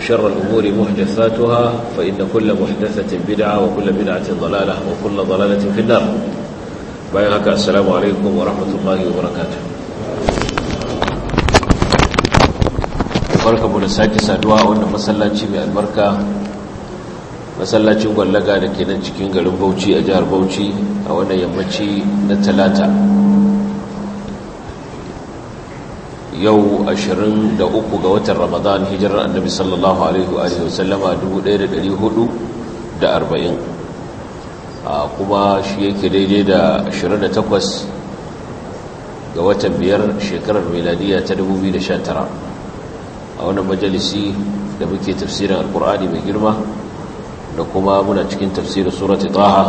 وشر الأمور محدثاتها فإن كل محدثة بدعة وكل بدعة ضلالة وكل ضلالة في النار بايعك السلام عليكم ورحمة الله وبركاته barkamu da sake saduwa a wannan masallaci mai albarka masallacin gwallaga da ke nan cikin garin bauchi a jihar bauchi a wannan yammaci na talata yau 23 ga watan ramadan hijirar annabi sallallahu alaihi wa sallama 1440 kuma shi yake daidai da 28 ga watan biyar shekarar miladiya ta 2019 a wannan majalisi da muke tafsirin alkur'ani mai girma da kuma muna cikin tafsirin surati taha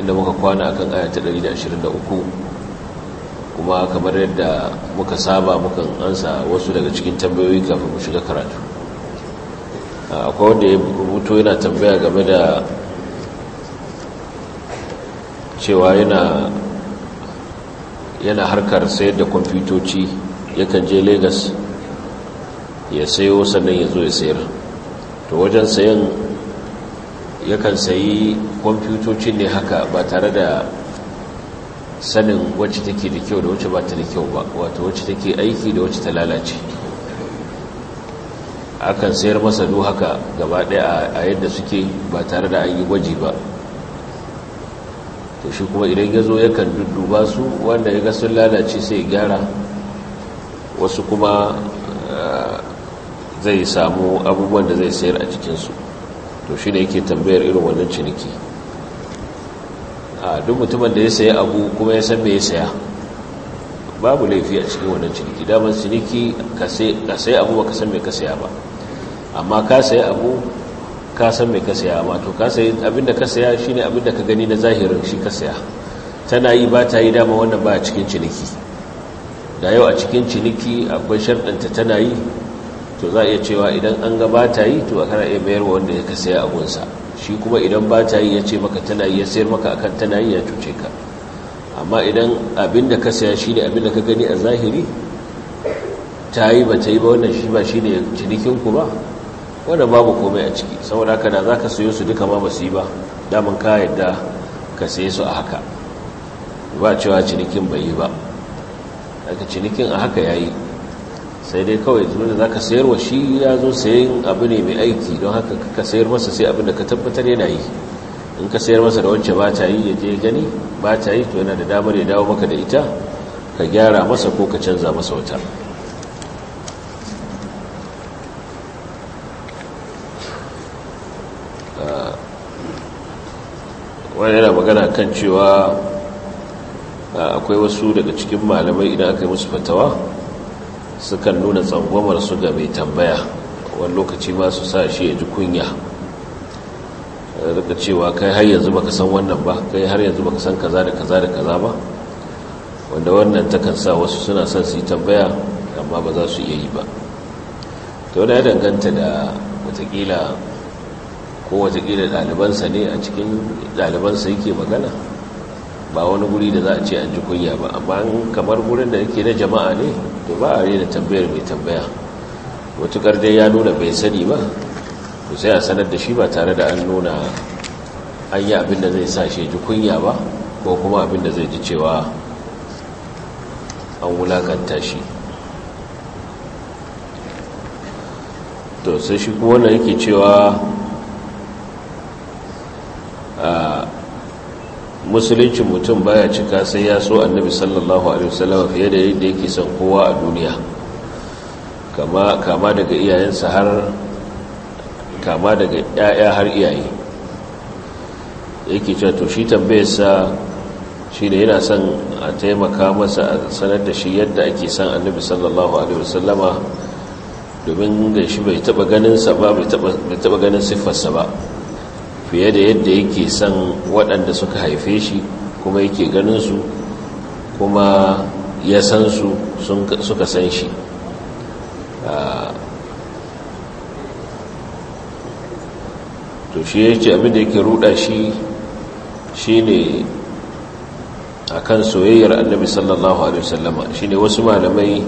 inda muka kwana akan ayata 123 kuma kamar yadda muka saba mukan ansa wasu daga cikin tambayoyi kafin mu shiga karatu akwai wanda ya rubuto yana tambaya game da cewa yana harkar sayar da kwamfutoci yakan je lagos ya sayo sannan ya zo ya sayar to wajen sayan yakan sayi kwamfutocin ne haka ba tare da sanin wacce take da kyau da wacce ba ta da kyau ba wato wacce take aiki da wacce ta lalace akan sayar masa du haka gaba daya a yadda suke ba tare da an yi gwaji ba to shi kuma idan ya zo yakan dudduba su wanda ya ga sun lalace sai gyara wasu kuma eh, zai samu abubuwan da zai sayar a cikinsu to shi ne yake tambayar irin wannan ciniki duk mutumin da ya sayi abu kuma ya san me ya saya babu laifi a cikin wannan ciniki damar ciniki ka sayi abu ba ka san me ka saya ba amma ka sayi abu ka san me ka saya amma to ka sayi abinda ka saya shine abinda ka gani na zahirin shi ka saya tana yi ba ta yi dama wannan ba a cikin ciniki da yau a cikin ciniki akwai sharɗanta tana yi to za a iya cewa idan an ga ta yi to a kana iya mayarwa wanda ya ka saya abunsa shi kuma idan ba ta yi ya ce maka tana yi ya sayar maka akan tana yi ya cuce ka amma idan abin da ka saya shi ne abin da ka gani a zahiri ta yi ba ta yi ba wannan shi ba shi ne cinikinku ba wannan babu komai a ciki saboda haka da za ka sayo su duka ma ba su yi ba daman ka yadda ka saye su a haka ba cewa cinikin bai yi ba daga cinikin a haka ya yi sai dai kawai zuwa da za ka sayar wa shi ya zo sayan abu ne mai aiki don haka ka sayar masa sai abin da ka tabbatar yana yi in ka sayar masa da wacce ba ta yi ya je gani ba ta yi to yana da damar ya dawo maka da ita ka gyara masa ko ka canza masa wata ah, wani yana magana kan cewa ah, akwai wasu daga cikin malamai idan aka yi musu fatawa sukan nuna tsangwamar su ga mai tambaya wani lokaci ma su sa shi ya ji kunya rika cewa kai har yanzu baka san wannan ba kai har yanzu baka san kaza da kaza da kaza ba wanda wannan takan sa wasu suna son su yi tambaya amma ba za su iya yi ba ta wani ya danganta da watakila ko watakila ɗalibansa ne a cikin ɗalibansa yake magana ba wani guri da za a ce an ji kunya ba amma kamar gurin da yake na jama'a ne to ba a rena tambayar mai tambaya matukar dai ya nuna bai sani ba to sai a sanar da shi ba tare da an nuna an yi abinda zai sa shi ji kunya ba ko kuma abinda zai ji cewa an wulakanta shi to sai shi kuma wannan yake cewa musuluncin mutum baya cika sai ya so annabi sallallahu alaihi wasallam fiye da yadda yake son kowa a duniya kama kama daga iyayensa har kama daga yaya har iyaye yake cewa to shi tambayarsa shi ne yana son a taimaka masa a sanar da shi yadda ake son annabi sallallahu alaihi wasallama domin ga shi bai taba ganin sa ba bai taba ganin siffarsa ba fiye da yadda yake son waɗanda suka haife shi kuma yake ganinsu kuma ya san su suka san shi ah, to shi ya ce abinda yake ruɗa shi shi ne a kan soyayyar annabi sallallahu alaihi wasallama shi ne wasu malamai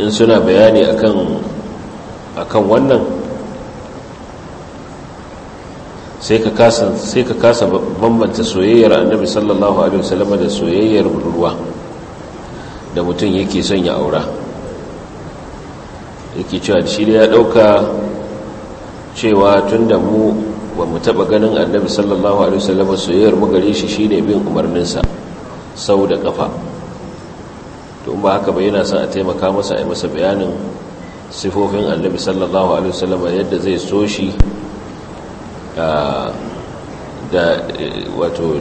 in suna bayani akan wannan sai ka kasa sai ka kasa bambanta soyayyar annabi sallallahu alaihi wasallam da soyayyar budurwa da mutum yake son ya aura yake cewa shi da ya dauka cewa tunda mu ba mu taba ganin annabi sallallahu alaihi wasallam soyayyar mu gare shi shine bin umarninsa sau da kafa to ba haka ba yana son a taimaka masa a yi masa bayanin sifofin annabi sallallahu alaihi wasallam yadda zai so shi da wato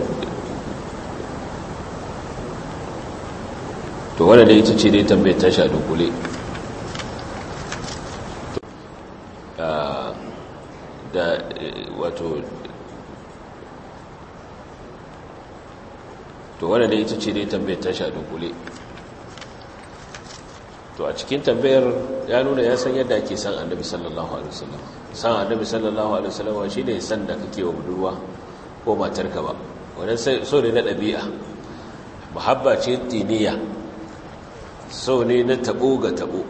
to wadda da ita ce dai tambayar tashi a dunkule da wato to wadda da ita ce dai tambayar tashi a dunkule to a cikin tambayar ya nuna ya san yadda ake san annabi sallallahu alaihi wasallam san annabi sallallahu alaihi wasallam ne san da kake wa budurwa ko matarka ba wannan so ne na dabi'a muhabba ce tiniya so ne na tabo ga tabo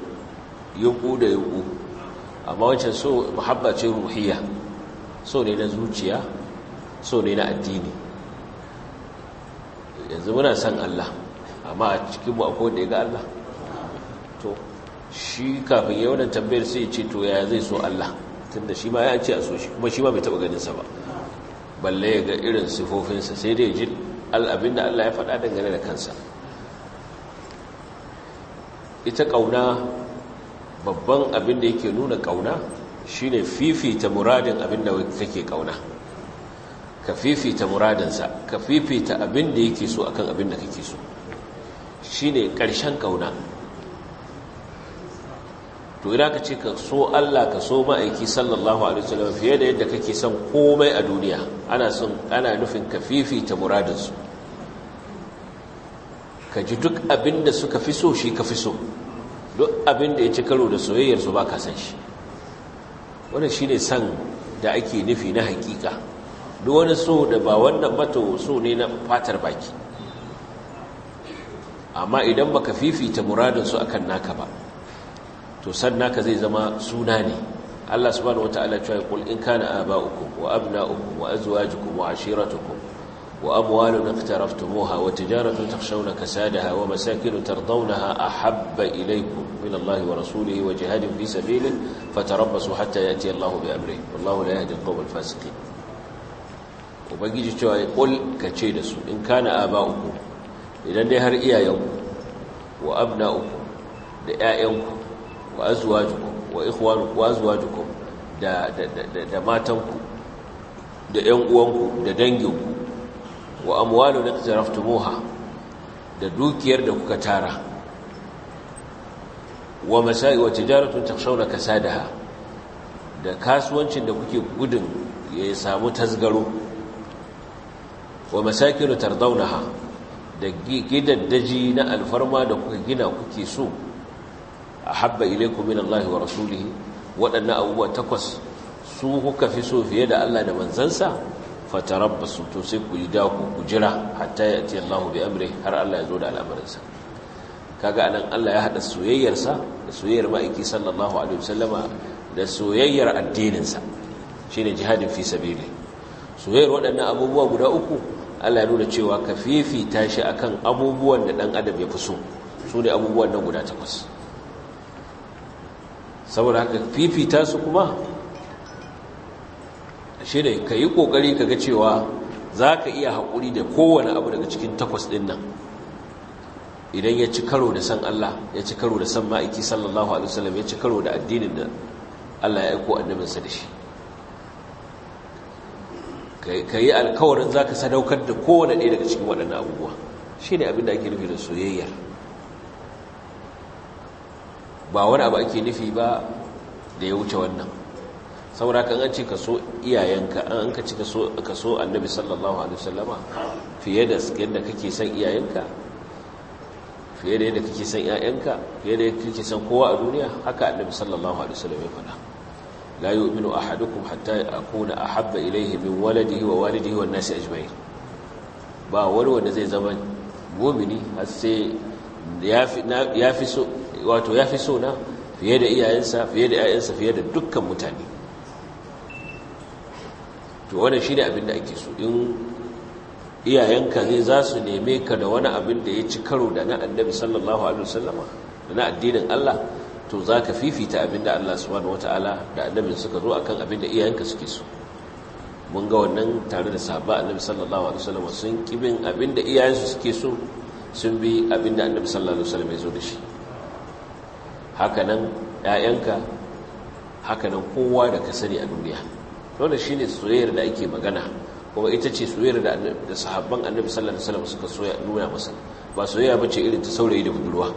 yunku da yunku amma wancan so muhabba ce ruhiya so ne na zuciya so ne na addini yanzu muna san Allah amma a cikinmu akwai da ya ga Allah shi kafin ya wannan tambayar sai ce to ya zai so Allah tunda shi ma ya ce a so shi kuma shi ma bai taba ganin sa ba balle ya ga irin sifofinsa sai dai ji al'abin da Allah ya faɗa dangane da kansa ita kauna babban abin da yake nuna kauna shine fifita muradin abin da kake kauna ka fifita muradinsa ka fifita abin da yake so akan abin da kake so Shi ne ƙarshen ƙauna. to idan ka ce ka so Allah ka so ma'aiki sallallahu alaihi wasallam fiye da yadda kake son komai a duniya ana son ana nufin ka fifita muradinsu ka ji duk abin da suka fi so shi ka fi so duk abin da ya ci karo da soyayyarsu su ba ka san shi wannan shine san da ake nufi na hakika duk wani so da ba wannan mato so ne na fatar baki amma idan baka fifita muradinsu akan naka ba to sannan ka zai zama suna ne Allah subhanahu wataala ya ce kul in kana aba'ukum wa abna'ukum wa azwajukum wa ashiratukum wa amwalun iqtaraftumuha wa tijaratun takhshawna kasadaha wa masakin tardawnaha ahabba ilaykum min Allah wa rasulihi wa jihadin fi sabilihi fatarabbasu hatta yati Allah bi amrihi wallahu la yahdi al-qawma al-fasiqin ubangiji cewa kul ce da su in kana aba'ukum idan dai har iyayenku wa abna'ukum da ƴaƴanku wa azwajukum wa wa da da matanku da 'yan uwanku da danginku wa amwalun iqtaraftumuha da dukiyar da kuka tara wa masai wa tijaratun na kasadaha da kasuwancin da kuke gudun ya samu tasgaro wa masakinu ha, da gidaddaji na alfarma da kuka gina kuke so ahabba ilaykum min Allah wa rasulihi waɗannan abubuwa takwas su kuka fi so fiye da Allah da manzansa fatarabbasu to sai ku yi daku ku jira hatta ya Allah bi amri har Allah ya zo da al'amarinsa kaga anan Allah ya hada soyayyarsa da soyayyar ma'aiki sallallahu alaihi wasallama da soyayyar addininsa shine jihadin fi sabili soyayyar waɗannan abubuwa guda uku Allah ya nuna cewa kafifi tashi shi akan abubuwan da dan adam ya fi so su ne abubuwan nan guda takwas saboda haka fifita su kuma shi ne ka yi ƙoƙari ka ga cewa za ka iya haƙuri da kowane abu daga cikin takwas ɗin nan idan ya ci karo da san Allah ya ci karo da san ma'aiki sallallahu alaihi wasallam ya ci karo da addinin da Allah ya aiko sa da shi ka yi alkawarin za ka sadaukar da kowane ɗaya daga cikin waɗannan abubuwa shi ne abin da ake nufi da soyayya ba wani abu ake nufi ba da ya wuce wannan saboda kan an ce ka so iyayenka an ka ci ka so annabi sallallahu alaihi wasallama fiye da yadda kake son iyayenka fiye da yadda kake son iyayenka fiye da yadda kake son kowa a duniya haka annabi sallallahu alaihi wasallam ya faɗa la yu'minu ahadukum hatta akuna ahabba ilayhi min waladihi wa walidihi wan nasi ajma'in ba wani wanda zai zama mu'mini har sai ya fi so wato ya fi sona fiye da iyayensa fiye da iyayensa fiye da dukkan mutane to shi shine abin da ake so in iyayenka zai za su neme ka da wani abin da ya ci karo da na annabi sallallahu alaihi wasallama da na addinin Allah to za ka fifita abin da Allah subhanahu wataala da annabin suka zo akan abin da iyayenka suke so mun ga wannan tare da sahaba annabi sallallahu alaihi wasallama sun kibin abin da iyayensu suke so sun bi abin da annabi sallallahu alaihi wasallama ya zo da shi hakanan ‘ya'yanka hakanan kowa da ka sani a duniya wanda shi soyayyar da ake magana kuma ita ce soyayyar da sahabban annabi sallallahu alaihi wasallam suka soya nuna masa ba soyayya ba ce irin ta saurayi da budurwa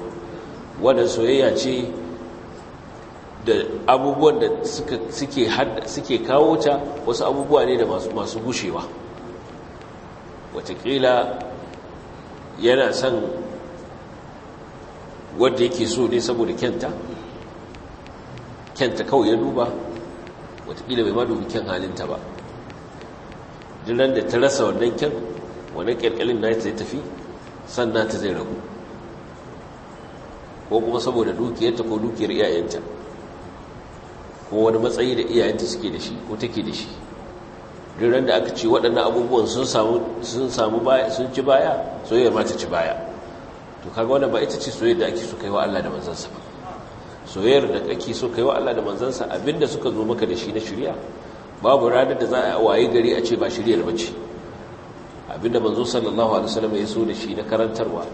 wannan soyayya ce da abubuwan da suke kawo ta wasu abubuwa ne da masu gushewa watakila yana son wadda yake so ne saboda kyanta kyanta kawai ya duba watakila bai ma dubi kyan halinta ba jiran da ta rasa wannan kyan wannan kyalkyalin na zai tafi sannan ta zai ragu ko kuma saboda dukiyarta ko dukiyar iyayenta ko wani matsayi da iyayenta suke da shi ko take da shi jiran da aka ce waɗannan abubuwan sun samu sun ci baya soyayyar ma ta ci baya to kaga wannan ba ita ce soyayyar da ake so kai wa Allah da manzansa ba soyayyar da kake so kai wa Allah da manzansa abinda suka zo maka da shi na shari'a babu ranar da za a waye gari a ce ba ba bace abinda manzo sallallahu alaihi wasallam ya so da shi na karantarwa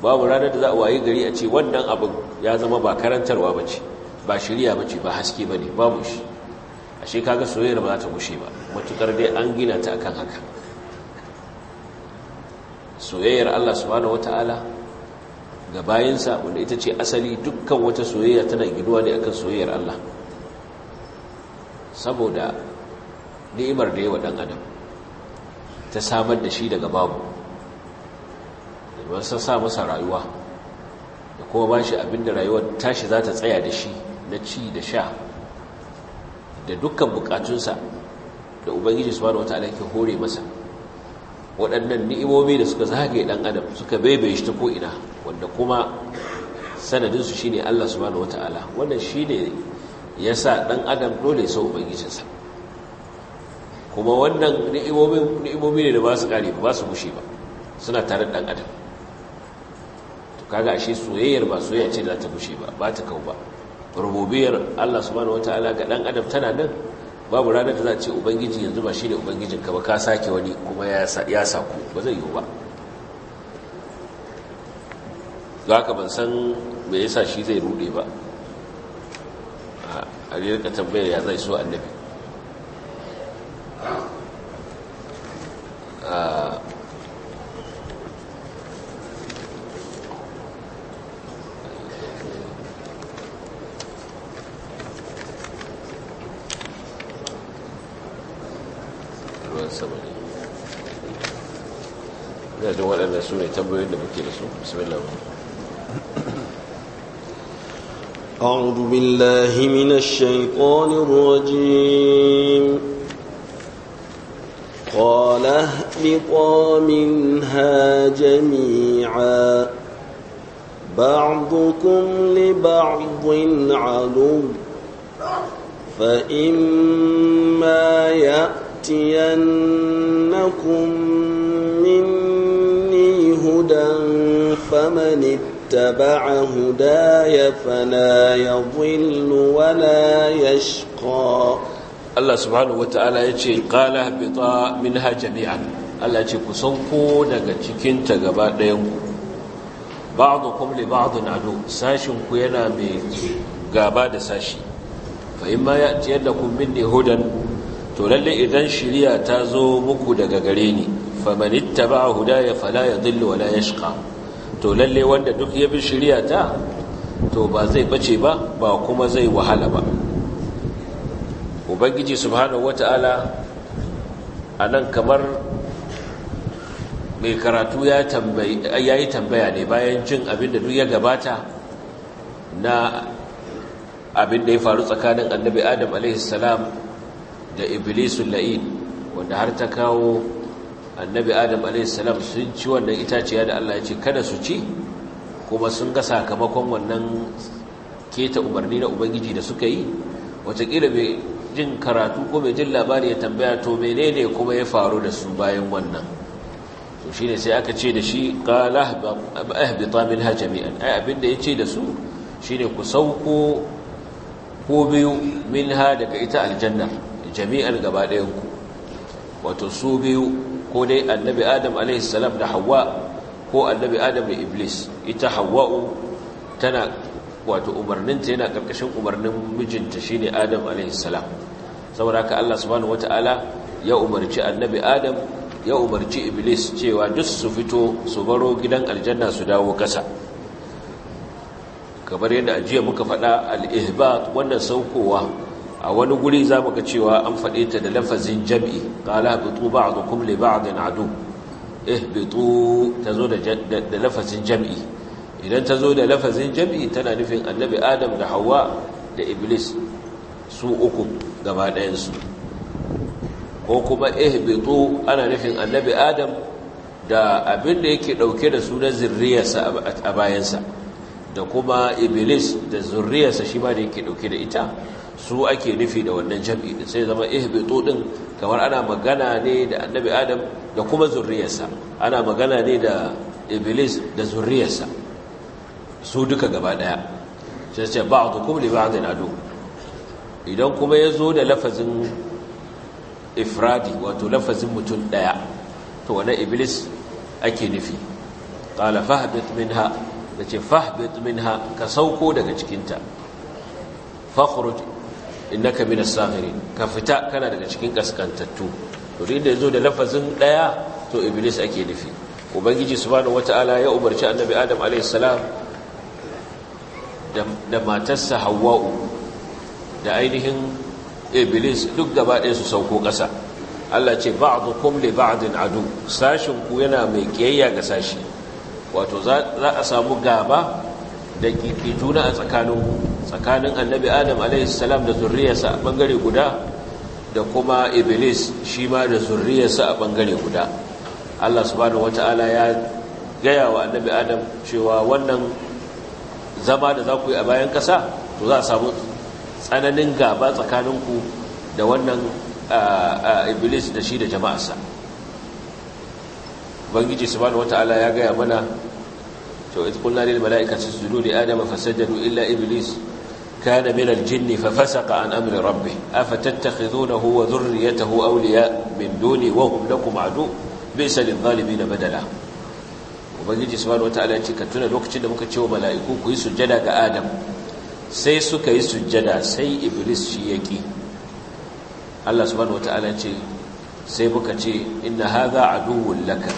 babu ranar da za a waye gari a ce wannan abin ya zama ba karantarwa bace ba shari'a bace ba haske bane babu shi ashe kaga soyayyar ba za ta gushe ba matukar dai an gina ta akan haka soyayyar Allah subhanahu wataala ga bayansa wanda ita ce asali dukkan wata soyayya tana ginuwa ne akan soyayyar Allah saboda ni'imar da yawa dan adam ta samar da shi daga babu da sa masa rayuwa da kuma ba shi abinda rayuwar tashi za ta tsaya da shi na ci da sha da dukkan bukatunsa da ubangiji su da wata alaƙi hore masa waɗannan ni'imomi da suka zagaye ɗan adam suka bebe shi ta ko'ina wanda kuma sanadinsu shi ne Allah su bada wata'ala wannan shi ne ya sa ɗan adam dole ya sau ubangijinsa kuma wannan ni'imomi ne da ba su ƙari ba su bushe ba suna tare ɗan adam to kaga ashe soyayyar ba soyayya ce da ta bushe ba ba ta kau ba rububiyar Allah subhanahu wa ta'ala ga ɗan adam tana nan babu ranar da za a ce ubangiji yanzu ba shi ne ubangijinka ba ka sake wani kuma ya sa ku ba zai yiwu ba za ka ban san me yasa shi zai rude ba a rika tambayar ya zai so annabi da waɗanda su ne tambayoyin da muke da su bismillah أعوذ بالله من الشيطان الرجيم قال اهبطا منها جميعا بعضكم لبعض عدو فإما يأتينكم مني هدى فمن اتبع هداي فلا يضل ولا يشقى الله سبحانه وتعالى يجي قال اهبطا منها جميعا الله يجي كسنكو daga cikin ta gaba ɗayan ku ba'dukum li ba'din adu sashin ku yana mai gaba da sashi fa in ma ya'tiyakum minni hudan to lalle idan shiriya ta zo muku daga gare ni famanittaba hudaya fala yadhillu wala yashqa to lalle wanda duk ya bi shirya ta to ba zai bace ba ba kuma zai wahala ba ubangiji subhanahu wata'ala nan kamar mai karatu ya yi tambaya ne bayan jin abin da duk ya gabata na abin da ya faru tsakanin annabi adam alaihissalam da iblisun la'in wanda har ta kawo annabi adam salam sun ci wannan itaciya da Allah ya ce kada su ci kuma sun ga sakamakon wannan keta umarni na ubangiji da suka yi watakila mai jin karatu ko mai jin labari ya tambaya to menene kuma ya faru da su bayan wannan to shine sai aka ce da shi qala ahbita minha jami'an ai abinda yace da su shine ku sauko ko biyu ha daga ita aljanna jami'an gaba ku wato su biyu ko dai annabi adam a.s. da hawa ko annabi adam da iblis ita hawa'u tana wato umarninta yana ƙarƙashin umarnin mijinta shi ne adam a.s. saboda ka allah subhanahu Ta'ala ya umarci annabi adam ya umarci iblis cewa duk su fito su baro gidan aljanna su dawo ƙasa kamar yadda ajiya muka faɗa al-ihbat wannan saukowa a wani guri za mu ga cewa an faɗe ta da lafazin jam'i qala bitu ba'dukum li ba'din adu ihbitu eh, tazo da da lafazin jam'i idan tazo da lafazin jam'i tana nufin annabi adam da hawa da iblis su uku gaba ɗayansu. ko kuma ihbitu eh, ana nufin annabi adam da abin da yake ɗauke da sunan zirriyarsa a bayansa da kuma iblis da zurriyarsa shi ma da yake ɗauke da ita su ake nufi da wannan jam'i din sai zama ihbitu din kamar ana magana ne da annabi adam da kuma zurriyarsa ana magana ne da iblis da zurriyarsa su duka gaba daya sai ce ba'dukum li ba'din adu idan kuma yazo da lafazin ifradi wato lafazin mutum daya to wannan iblis ake nufi qala fahbit minha dace fahbit minha ka sauko daga cikinta fakhruj innaka as sahirin ka fita kana daga cikin kaskantattu to da yazo da lafazin daya to iblis ake nufi ubangiji subhanahu wataala ya umarci annabi adam alayhi salam da matarsa hawwa'u da ainihin iblis duk gaba ɗaya su sauko ƙasa Allah ce ba'dukum li ba'din adu sashin ku yana mai kiyayya ga sashi wato za a samu gaba da juna a tsakaninku tsakanin annabi adam alaihissalam da zurriyarsa a bangare guda da kuma iblis shi ma da zurriyarsa a bangare guda allah subhanahu wata'ala ya gaya wa annabi adam cewa wannan zama da za ku yi a bayan ƙasa to za a samu tsananin gaba tsakaninku da wannan iblis da shi da jama'arsa ubangiji subhanahu wata'ala ya gaya mana to it kullu lil mala'ikati sujudu li adama fasajadu illa iblis kana min al-jinni fa fasaqa an amri rabbih afatattakhidunahu wa dhurriyyatahu awliya min duni wa hum lakum adu bisa lil-zalimin badala ubangiji subhanahu wataala ya ce ka tuna lokacin da muka ce wa mala'iku ku yi sujjada ga adam sai suka yi sujjada sai iblis shi yaki Allah subhanahu wataala ya ce sai muka ce laka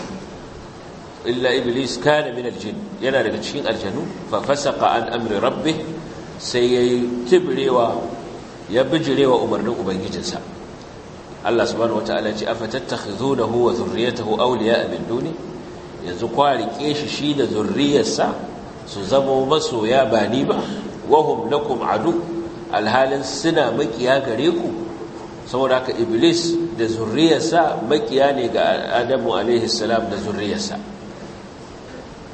illa iblis min yana daga cikin aljanu fa fasaqa an amri sai ya yi tibirewa ya bijirewa umarnin ubangijinsa Allah subhanahu wata'ala ce afatattakhizunahu wa zurriyatahu a min duni yanzu kwa rike shi shi da zurriyarsa su zama masoya ba ni ba wahum lakum adu alhalin suna makiya gare ku saboda haka iblis da zurriyarsa makiya ne ga adamu alaihi salam da zurriyarsa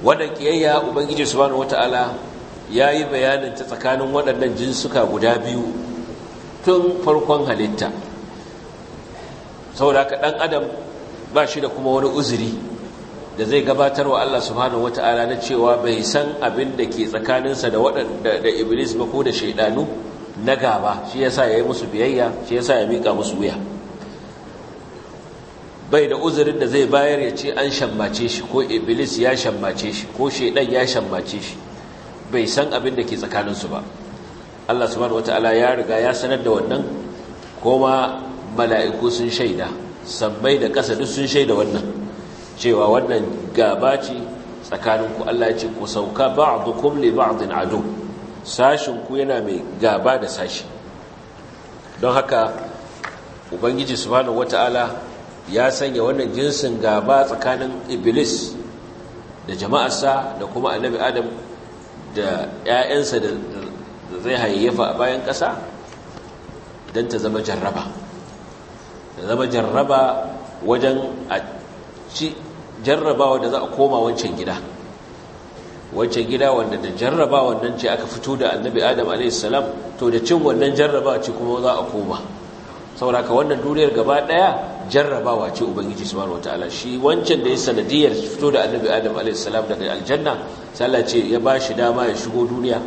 wannan kiyayya ubangiji subhanahu ta'ala. ya yi bayanin ta tsakanin waɗannan jinsuka guda biyu tun farkon halitta saboda haka ɗan adam ba shi da kuma wani uzuri da zai gabatar wa Allah subhanahu wata'ala na cewa bai san abin da ke tsakaninsa da waɗanda iblis ba ko da shaidanu na gaba shi yasa ya yi musu biyayya shi yasa ya miƙa musu wuya bai da uzurin da zai bayar ya ce an shammace shi ko iblis ya shammace shi ko shaidan ya shammace shi bai san abin da ke tsakaninsu ba Allah subhanahu wataala ya riga ya sanar da wannan kuma mala'iku sun shaida sabbai da ƙasa duk sun shaida wannan cewa wannan gaba ce tsakaninku Allah ya ce ku sauka ba'dukum li ba'din adu sashin ku yana mai gaba da sashi don haka ubangiji subhanahu wataala ya sanya wannan jinsin gaba tsakanin iblis da jama'arsa da kuma annabi adam da 'ya'yansa da zai hayyafa a bayan ƙasa don ta zama jarraba ta zama jarraba wajen a ci jarrabawa da za a koma wancan gida wancan gida wanda da jarraba wannan ce aka fito da annabi adam a.s. to da cin wannan jarraba ce kuma za a koma sauraka wannan duniyar gaba ɗaya jarrabawa ce ubangiji subhanahu wataala shi wancan da ya sanadiyar fito da annabi adam alaihi salam daga aljanna sai ce ya ba shi dama ya shigo duniya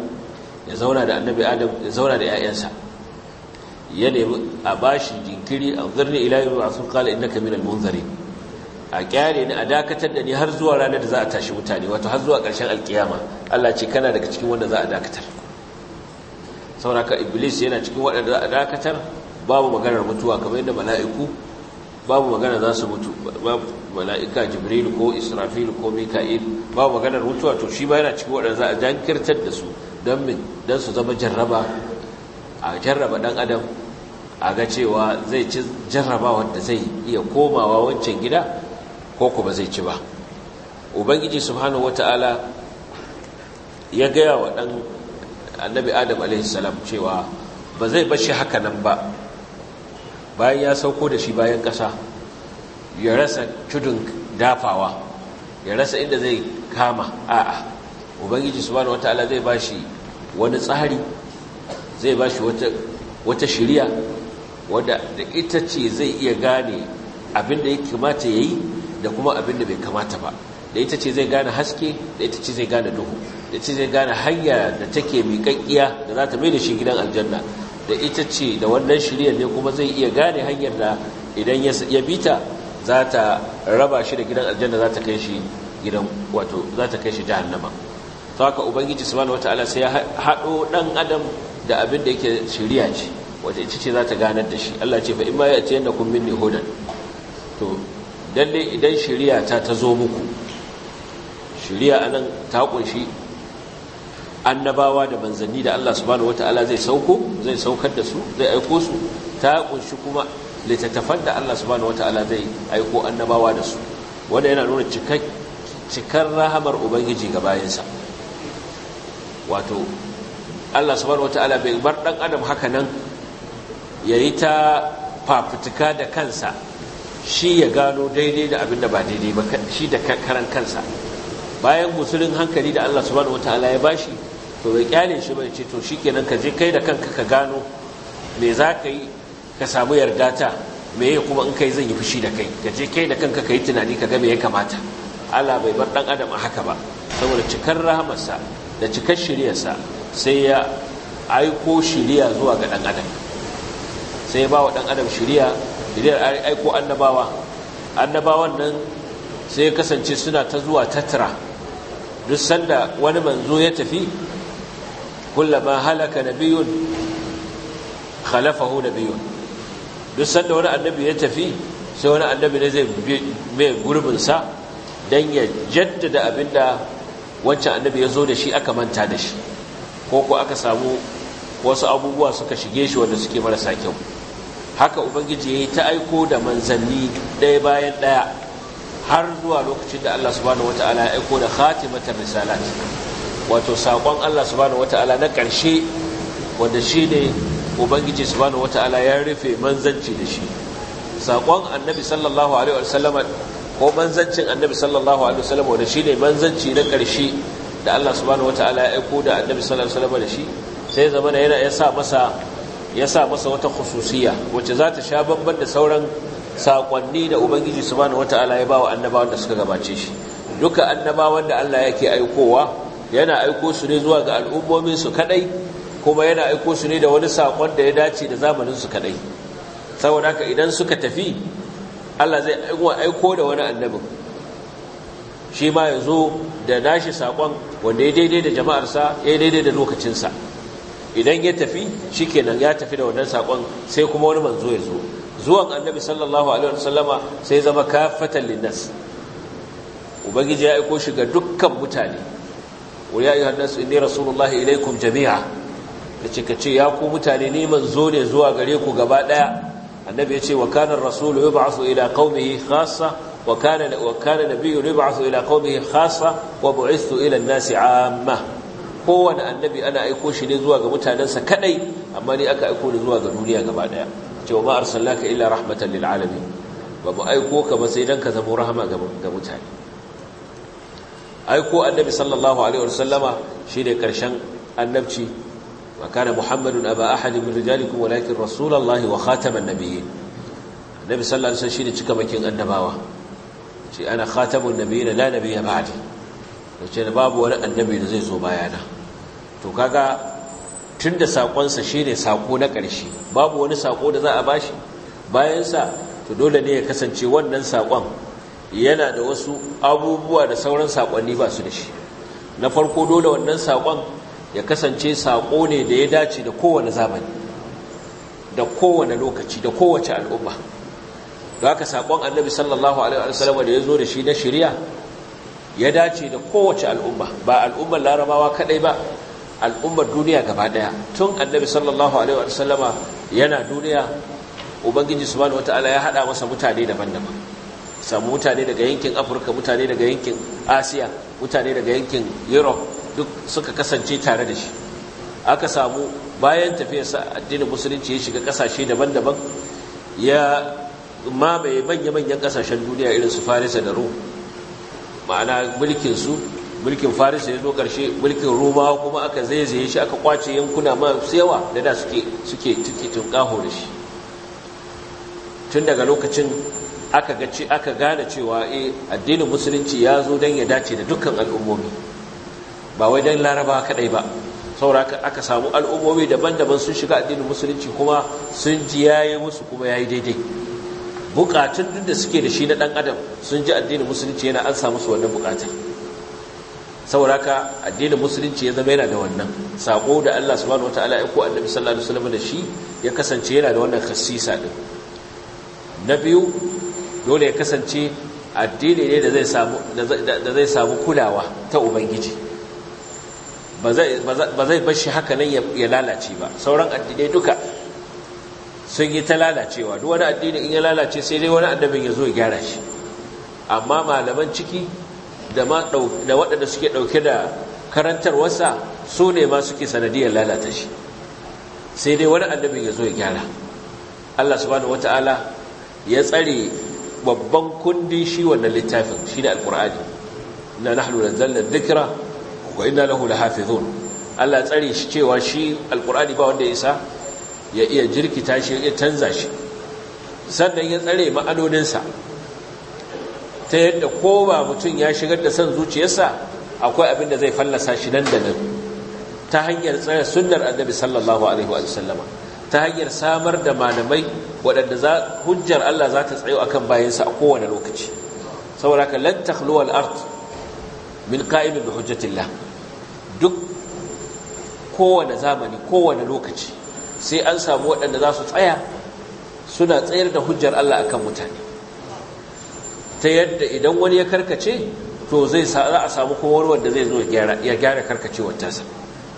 ya zauna da annabi adam ya zauna da ƴaƴansa ya nemi a ba shi jinkiri a zirni ila yau a sun kala innaka minal munzari a kyare ni a dakatar da ni har zuwa ranar da za a tashi mutane wato har zuwa ƙarshen alkiyama Allah ce kana daga cikin wanda za a dakatar sauraka iblis yana cikin waɗanda za a dakatar babu maganar mutuwa kamar yadda mala'iku babu magana za su mutu babu mala'ika jibril ko israfil ko mika'il babu maganar mutuwa to shi ba yana cikin waɗanda za a jankirtar da su don su zama jarraba a jarraba ɗan adam a ga cewa zai ci jarraba wanda zai iya komawa wancan gida ko kuma zai ci ba ubangiji subhanahu wata'ala ya gaya wa ɗan annabi adam alaihi cewa ba zai bashi haka nan ba bayan ya sauko da shi bayan ƙasa ya rasa tudun dafawa ya rasa inda zai kama a'a ubangiji subhanahu wataala zai ba shi wani tsari zai ba shi wata shiriya wadda da ita ce zai iya gane abin da ya kamata ya yi da kuma abin da bai kamata ba da ita ce zai gane haske da ita ce zai gane duhu da ita ce zai gane hanya da take miƙaƙƙiya da za ta mai da shi gidan aljanna da ita ce da wannan shirya ne kuma zai iya gane hanyar da idan ya bita za ta raba shi da gidan aljanna za ta kai shi gidan wato za ta kai shi jahannama to haka ubangiji subhanahu wata sai ya haɗo ɗan adam da abin da yake shiriya ce wato ita ce za ta ganar da shi Allah ce fa in ma ya ce yanda kun minni hudan to dalle idan shiriya ta ta zo muku shiriya anan ta kunshi annabawa da manzanni da Allah subhanahu wataala zai sauko zai saukar da su zai aiko su ta kunshi kuma littattafan da Allah subhanahu wataala zai aiko annabawa da su wanda yana nuna cikar rahamar ubangiji ga bayansa wato Allah subhanahu wataala bai bar dan adam haka nan yayi ta fafutuka da kansa shi ya gano daidai da abin da ba daidai ba shi da karan kansa bayan musulun hankali da Allah subhanahu wataala ya bashi to bai kyale shi bai ce to shi shikenan ka je kai da kanka ka gano me za ka yi ka samu yarda ta me ya kuma in kai zan yi fushi da kai ka je kai da kanka ka yi tunani ka ga me ya kamata Allah bai bar dan adam a haka ba saboda cikar rahamarsa da cikar shiryarsa sai ya aiko shiriya zuwa ga dan adam sai ya ba wa dan adam shiriya shiriyar aiko annabawa annabawan nan sai ya kasance suna ta zuwa tattara duk sanda wani manzo ya tafi kullama halaka nabiyun khalafahu nabiyun duk sanda wani annabi ya tafi sai wani annabi ne zai mai gurbinsa don ya jaddada abinda wancan annabi ya zo da shi aka manta da shi ko ko aka samu wasu abubuwa suka shige shi wanda suke marasa kyau haka ubangiji ya yi ta aiko da manzanni ɗaya bayan ɗaya har zuwa lokacin da allah subhanahu wata'ala ya aiko da khatimatar risalat wato saƙon Allah subhanahu wata'ala na ƙarshe wanda shi ne ubangiji subhanahu wata'ala ya rufe manzanci da shi saƙon annabi sallallahu alaihi wasallama ko manzancin annabi sallallahu alaihi wasallama wanda shi ne manzanci na ƙarshe da Allah subhanahu wata'ala ya aiko da annabi sallallahu alaihi wasallama da shi sai zama da yana ya sa masa ya sa masa wata khususiya wacce za ta sha bambam da sauran saƙonni da ubangiji subhanahu wata'ala ya ba wa annabawan da suka gabace shi duka annabawan da Allah yake aikowa yana aiko su ne zuwa ga al'ummomin su kadai kuma yana aiko su ne da wani sakon da ya dace da zamanin su kadai saboda haka idan suka tafi Allah zai aiko da wani annabi, shi ma ya da nashi sakon wanda ya daidai da jama'arsa ya daidai da lokacinsa idan ya tafi shi kenan ya tafi da wannan sakon sai kuma wani manzo ya zo zuwan annabi sallallahu alaihi wasallama sai zama kafatan linnas ubangiji ya aiko shi ga dukkan mutane wa ya ayyuhan nas inni rasulullahi ilaikum jami'a yace ce ya ku mutane ni zo ne zuwa gare ku gaba daya annabi yace wa kana ar-rasulu yub'athu ila qaumihi khassa wa kana wa kana nabiyyu yub'athu ila qaumihi khassa wa bu'ithu ila an-nasi 'amma kowane annabi ana aiko shi ne zuwa ga mutanensa kadai amma ni aka aiko ni zuwa ga duniya gaba daya wa ma arsalnaka illa rahmatan lil alamin ba mu aiko ka ba sai dan ka zama rahama ga mutane Aiko annabi sallallahu alaihi wasallama shine karshen annabci wa kana muhammadun aba ahadin min rijalikum walakin rasulullahi wa khataman nabiyyin annabi sallallahu alaihi wasallam shine cikamakin annabawa ce ana khatamun nabiyyin la nabiyya ba'di ce babu wani annabi da zai zo bayana to kaga tunda sakonsa shine sako na ƙarshe babu wani sako da za a bashi bayan sa to dole ne ya kasance wannan sakon yana da wasu abubuwa da sauran saƙonni ba su da shi na farko dole wannan saƙon ya kasance saƙo ne da ya dace da kowane zamani da kowane lokaci da kowace al'umma da aka saƙon annabi sallallahu alaihi wasallam da ya zo da shi na shirya ya dace da kowace al'umma ba al'ummar larabawa kadai ba al'ummar duniya gaba daya tun annabi sallallahu alaihi wasallama yana duniya ubangiji subhanahu wataala ya hada masa mutane daban-daban samu mutane daga yankin afirka mutane daga yankin asiya mutane daga yankin europe duk suka kasance tare da shi aka samu bayan sa addinin musulunci ya shiga kasashe daban-daban ya mamaye manya-manyan kasashen duniya irin su farisa da rom ma'ana mulkin su, mulkin farisa ya zo karshe, mulkin roma kuma aka zaizaye shi aka kwace yankuna masu yawa da da suke suke da shi tun daga lokacin aka ga ce aka gane cewa A eh, addinin musulunci ya zo don ya dace da dukkan al'ummomi ba wai don laraba kadai ba sauraka aka samu al'ummomi daban-daban sun shiga addinin musulunci kuma sun ji yayi musu kuma yayi daidai bukatun duk da suke da shi na dan adam sun ji addinin musulunci yana an samu su wannan bukatun sauraka addinin musulunci ya zama yana da wannan sako da Allah subhanahu wataala ya ko annabi sallallahu alaihi wasallam da shi ya kasance yana da wannan khassisa din na biyu dole ya kasance addini ne da zai samu kulawa ta ubangiji ba zai shi haka nan ya lalace ba sauran addinai duka sun yi ta lalacewa duk wani addini in ya lalace sai dai wani annabin ya zo ya gyara shi amma malaman ciki da waɗanda suke ɗauke da karantarwarsa su ne ma suke sanadiyar lalata shi sai dai wani annabin ya zo ya gyara Allah subhanahu wata'ala ya tsare babban kundin shi wannan littafin shi ne alkur'ani na nahnu nazzalna dhikra wa inna lahu lahafizun Allah tsare shi cewa shi alkur'ani ba wanda isa ya iya jirkita shi ya canza shi sannan ya tsare ma'anoninsa ta yadda ko ba mutum ya shigar da son zuciyarsa akwai abin da zai fallasa shi nan da nan ta hanyar tsare sunnar annabi sallallahu alaihi wa sallama ta hanyar samar da malamai waɗanda hujjar Allah za ta tsayo akan bayansa a kowane lokaci saboda ka lan takhlu al ard min qa'imin bi hujjatillah duk kowane zamani kowane lokaci sai an samu waɗanda za su tsaya suna tsayar da hujjar Allah akan mutane ta yadda idan wani ya karkace to zai za a samu kowar wanda zai zo ya gyara karkacewar tasa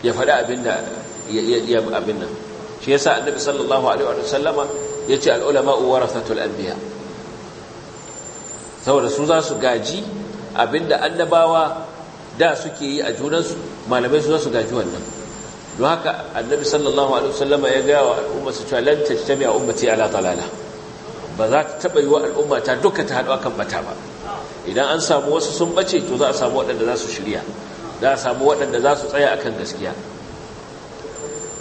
ya faɗi abin nan shi yasa annabi sallallahu alaihi wa sallama yace al ulama warathatul anbiya saboda su za su gaji abinda annabawa da suke yi a junansu malamai su za su gaji wannan don haka annabi sallallahu alaihi sallama ya gaya wa al'umma su cewa lan tajtami'a ummati ala dalala ba za ta taba yi wa al'umma ta duka ta haɗu akan bata ba idan an samu wasu sun bace to za a samu waɗanda za su shirya za a samu waɗanda za su tsaya akan gaskiya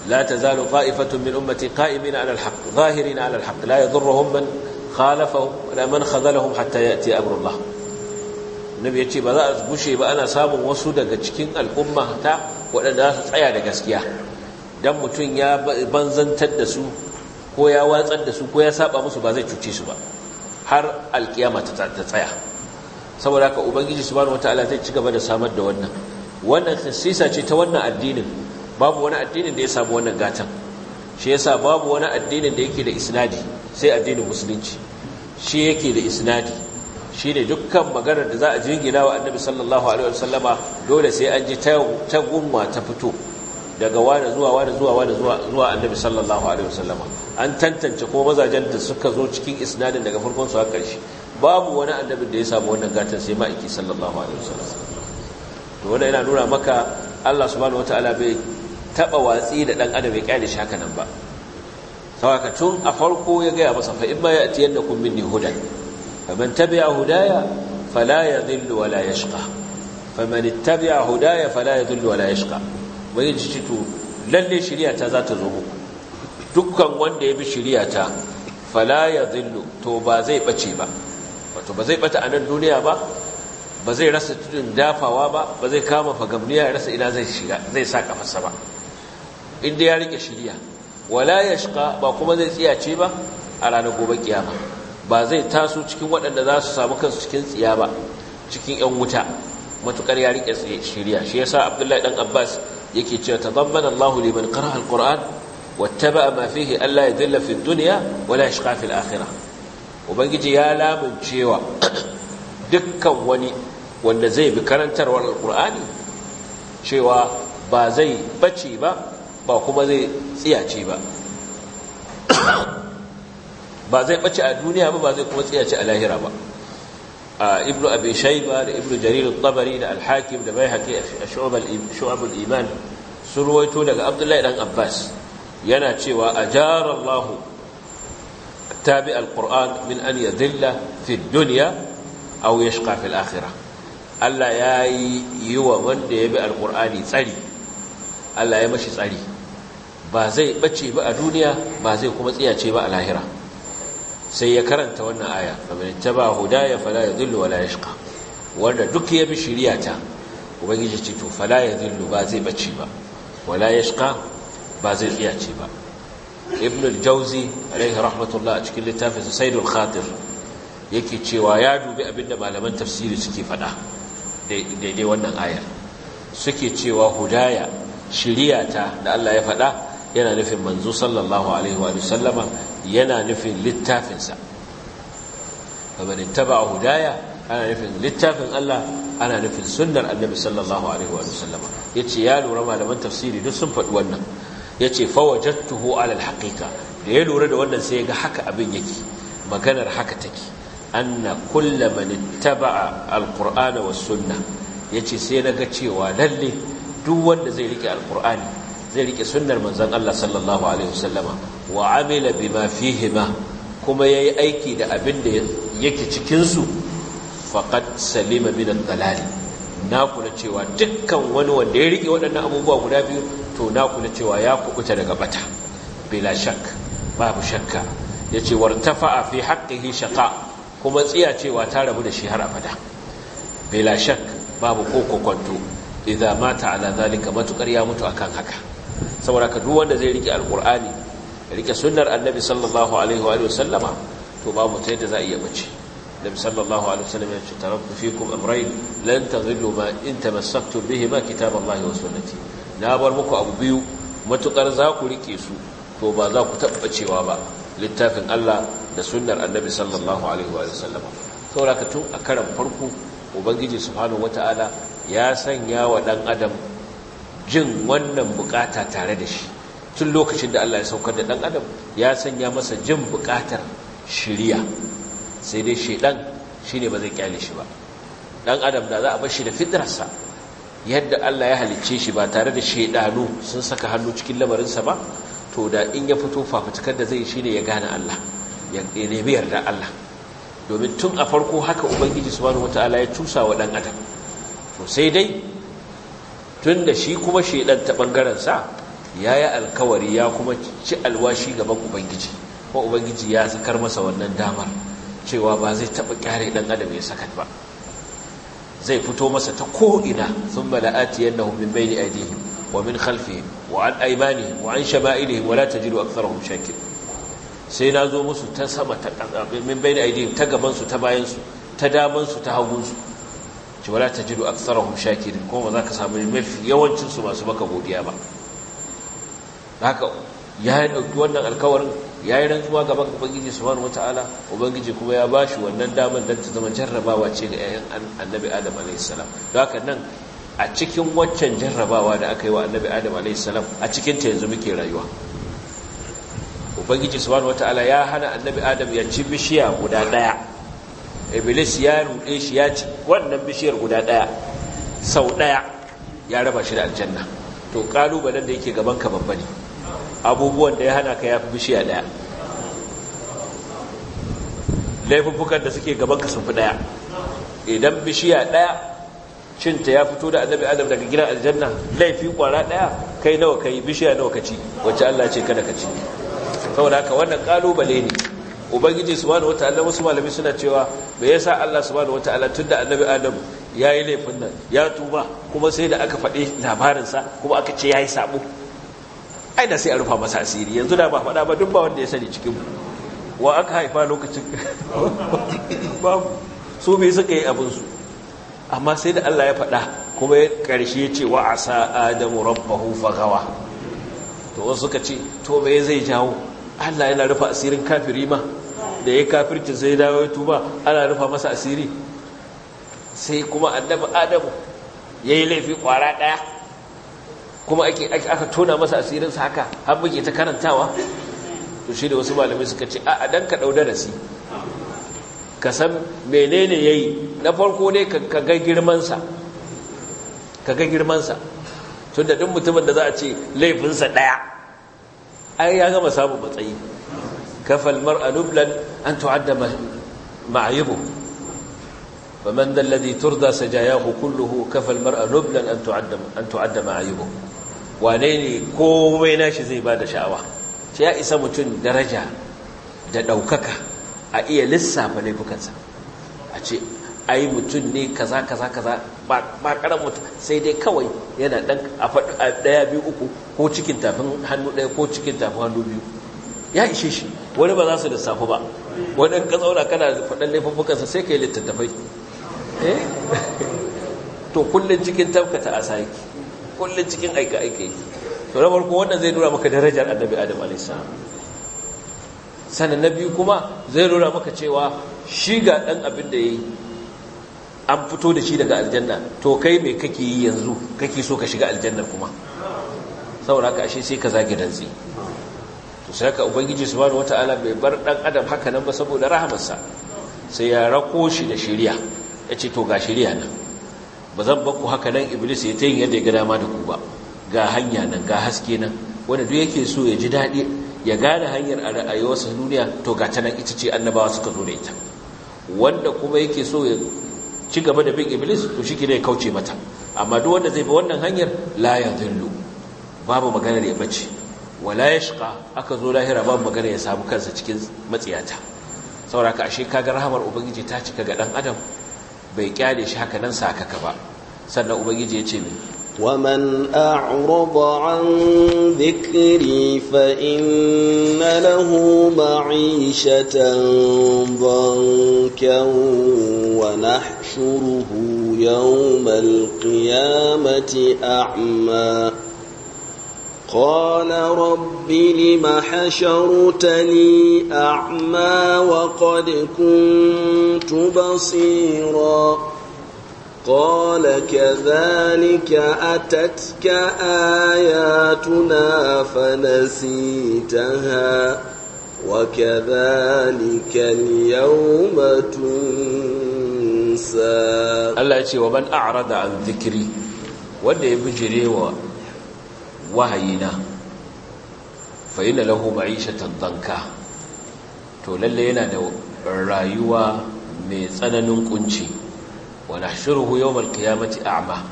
لا تزال طائفة من أمتي قائمين على الحق ظاهرين على الحق لا يضرهم من خالفهم ولا من خذلهم حتى يأتي أمر الله النبي يتي بذا بشي بأنا سام وسودة جكين الأمة تا وأنا سعيا دقسكيا dan mutum ya banzantar da su ko ya watsar da su ko ya saba musu ba zai cuce su ba har alkiyama ta tsaya saboda haka ubangiji subhanahu wataala zai ci gaba da samar da wannan wannan sisa ce ta wannan addinin babu wani addinin da ya samu wannan gatan shi yasa babu wani addinin da yake da isnadi sai addinin musulunci shi yake da isnadi shi ne dukkan maganar da za a jingina wa annabi sallallahu alaihi wasallama dole sai an ji ta gumma ta fito daga wani zuwa wani zuwa wani zuwa annabi sallallahu alaihi wasallama an tantance ko mazajen da suka zo cikin isnadin daga farkon su har ƙarshe babu wani annabin da ya samu wannan gatan sai ma'aiki sallallahu alaihi Wasallama. to wannan yana nuna maka Allah subhanahu wataala bai Taba watsi da dan adam ya ƙyale shi haka nan ba saboda tun a farko ya gaya masa fa in ma ya atiyan da kun minni hudan faman tabi'a hudaya fala yadhillu wala yashqa faman ittabi'a hudaya fala yadhillu wala yashqa wai ji lalle shari'a ta za ta zo muku dukkan wanda ya bi shari'a ta fala yadhillu to ba zai bace ba wato ba zai bata a nan duniya ba ba zai rasa tudun dafawa ba ba zai kama fagamniya ya rasa ina zai shiga zai sa kafarsa ba inda ya rike shirya wala yashqa ba kuma zai tsiyace ba a ranar gobe kiyama ba zai taso cikin waɗanda za su samu kansu cikin tsiya ba cikin yan wuta matukar ya rike shirya shi yasa abdullahi dan abbas yake cewa tadabbana allah liman qara'a alquran wattaba'a ma fihi alla yadilla fi dunya wala yashqa fi alakhirah ubangiji ya lamun cewa dukkan wani wanda zai bi karantarwar alkur'ani cewa ba zai bace ba ba kuma zai tsiyace ba ba zai ɓace a duniya ba ba zai kuma tsiyace a lahira ba ibn abi da ibn jaririn al-tabari da alhakim hakim da baihaqi a shu'ab iman sun ruwaito daga abdullahi dan abbas yana cewa ajara allah tabi al-quran min an yadilla fi duniya a yashqa fi al Allah ya yi wa wanda ya bi alkur'ani tsari Allah ya mashi tsari ba zai bace ba a duniya ba zai kuma tsiyace ba a lahira sai ya karanta wannan aya faman ittaba hudaya fala zillu wala yashqa wanda duk ya bi shiriyata ubangiji ce to fala zillu ba zai bace ba wala yashqa ba zai tsiyace ba ibn al-jawzi alaihi rahmatullah a cikin littafin saidul khatir yake cewa ya dubi abinda malaman tafsiri suke fada daidai wannan ayar suke cewa hudaya shiriyata da Allah ya fada yana nufin manzo sallallahu alaihi wa sallama yana nufin littafinsa kamar ittaba hudaya ana nufin littafin Allah ana nufin sunnar annabi sallallahu alaihi wa sallama yace ya lura malaman tafsiri duk sun faɗi wannan yace fawajadtuhu ala alhaqiqa da ya lura da wannan sai ya ga haka abin yake maganar haka take anna kullu man ittaba'a alqur'ana was sunnah yace sai naga cewa lalle duk wanda zai rike alqur'ani zai rike sunnar manzan Allah sallallahu alaihi wasallama wa amila bima fihima kuma yayi aiki da abin da yake cikinsu su faqad salima min ad-dalal na kula cewa dukkan wani wanda ya rike waɗannan abubuwa guda biyu to na kula cewa ya kubuta daga bata bila shak babu shakka yace wartafa fi haqqihi shaqa kuma tsiya cewa ta rabu da shi har abada bila shak babu ko kokonto idza mata ala zalika matukar ya mutu akan haka saboda ka duk wanda zai rike alkur'ani rike sunnar annabi sallallahu alaihi wa sallama to ba mutai da za a iya bace da sallallahu alaihi wa sallam ya ce taraktu fikum amrayn lan tadhillu ma in tamassaktum bihima kitaballahi wa sunnati na bar muku abu biyu matukar za ku rike su to ba za ku tabbacewa ba littafin Allah da sunnar annabi sallallahu alaihi wa sallama saboda ka tun a karan farko ubangiji subhanahu wataala ya sanya wa dan adam jin wannan bukata tare da shi tun lokacin da Allah ya saukar da ɗan adam ya sanya masa jin bukatar shiriya sai dai shedan shine ba zai kyale shi ba dan adam da za a bar shi da fitrarsa yadda Allah ya halicce shi ba tare da shedanu sun saka hannu cikin lamarinsa ba to da in ya fito fafutukar da zai shine ya gane Allah ya nemi yarda Allah domin tun a farko haka ubangiji subhanahu wataala ya tusa wa dan adam to sai dai tun da shi kuma shaidan ta ɓangarensa ya yi alkawari ya kuma ci alwashi gaban ubangiji ko ubangiji ya zikar masa wannan damar cewa ba zai taɓa kyare ɗan adam ya sakat ba zai fito masa ta ko'ina sun mala'ati yadda hummin bai a aidihim wa min khalfihim wa an aimanihim wa an shama'ilihim wa jiru a aktharahum shakir sai na zo musu ta sama ta min bai ni aidihim ta gabansu ta bayansu ta damansu ta hagunsu ci wala ta jiru aksarahum shakirin kuma ba za ka samu mafi yawancinsu masu maka godiya ba haka ya yi wannan alkawarin ya yi rantsuwa gaban ubangiji subhanahu wata'ala ubangiji kuma ya ba shi wannan damar don ta zama jarrabawa ce ga 'ya'yan annabi adam alaihissalam don haka nan a cikin waccan jarrabawa da aka yi wa annabi adam alaihissalam a cikin ta yanzu muke rayuwa ubangiji subhanahu wata'ala ya hana annabi adam ya ci bishiya guda ɗaya iblis ya ruɗe shi ya ci wannan bishiyar guda ɗaya sau ɗaya ya raba shi da aljanna to ƙalubalen da yake gaban ka babba ne abubuwan da ya hana ka ya fi bishiya ɗaya laifuffukan da suke gaban ka sun fi ɗaya idan bishiya ɗaya cinta ya fito da annabi adam daga gidan aljanna laifi kwara ɗaya kai nawa ka yi bishiya nawa ka ci wacce allah ce kada ka ci saboda haka wannan ƙalubale ne ubangiji subhanahu wataala wasu malami suna cewa me yasa Allah subhanahu wataala tunda annabi Adam yayi laifin nan ya tuba kuma sai da aka faɗi labarin kuma aka ce yayi sabo ai da sai a rufa masa asiri yanzu da ba faɗa ba duk ba wanda ya sani cikin mu wa aka haifa lokacin Ba su bai suka yi abin su amma sai da Allah ya faɗa kuma ya ƙarshe ce wa sa adamu rabbahu fagawa to wasu suka ce to me zai jawo Allah yana rufa asirin kafiri ma da ya kafirci sai dawo ya tuba ana rufa masa asiri sai kuma annabi adamu ya yi laifi kwara ɗaya kuma aka tona masa asirinsa haka har muke ta karantawa to shi da wasu malamai suka ce a dan ka ɗau darasi ka san menene ya yi na farko ne ka ga girmansa ka ga girmansa tun da duk mutumin da za a ce laifinsa ɗaya ai ya gama samun matsayi كفى المرء نبلا أن تعد معيبه فمن ذا الذي ترضى سجاياه كله كفى المرأة نبلا أن تعد أن تعد zai ba da sha'awa ce ya isa mutum daraja da ɗaukaka a iya lissafa laifukansa a ce ai mutum ne kaza kaza kaza ba ƙaran mutum sai dai kawai yana ɗan a ɗaya biyu uku ko cikin tafin hannu ɗaya ko cikin tafin hannu biyu ya ishe shi wani ba za su lissafu ba wani ka tsaura kana faɗin bukansa sai ka yi littattafai eh to kullum cikin tabkata a sa kullum cikin aika-aika yake to na farko wannan zai nuna maka darajar annabi adam alaihissalam sannan na biyu kuma zai nuna maka cewa shi ga ɗan abin da ya yi an fito da shi daga aljanna to kai mai kake yi yanzu kake so ka shiga aljanna kuma saboda ka ashe sai ka zagi dantsi to sai ka ubangiji subhanahu wataala bai bar dan adam haka nan ba saboda rahamarsa sai ya rako shi da shari'a yace to ga shari'a nan ba zan ku haka nan iblis ya tayin yadda ya ga dama da ku ba ga hanya nan ga haske nan wanda duk yake so ya ji daɗi ya gane hanyar a ra'ayowarsa duniya to ga ta nan ita ce annabawa suka zo da ita wanda kuma yake so ya ci gaba da bin iblis to shi ne ya kauce mata amma duk wanda zai bi wannan hanyar la ya zillu babu maganar ya bace wala yashqa aka zo lahira babu magana ya samu kansa cikin matsiyata sauraka ashe kaga rahamar ubangiji ta cika ga dan adam bai kyale shi haka nan sakaka ba sannan ubangiji ya ce min ومن أعرض عن ذكري فإن له معيشة ضنكا ونحشره يوم القيامة أعمى قال رب لم حشرتني أعمى وقد كنت بصيرا قال كذلك أتتك آياتنا فنسيتها وكذلك اليوم تنسى الله يقول ومن أعرض عن ذكري وده بجري wahayina fa inna lahu ma'ishatan danka to lalle yana da rayuwa mai tsananin kunci wa nahshuruhu yawmal qiyamati a'ma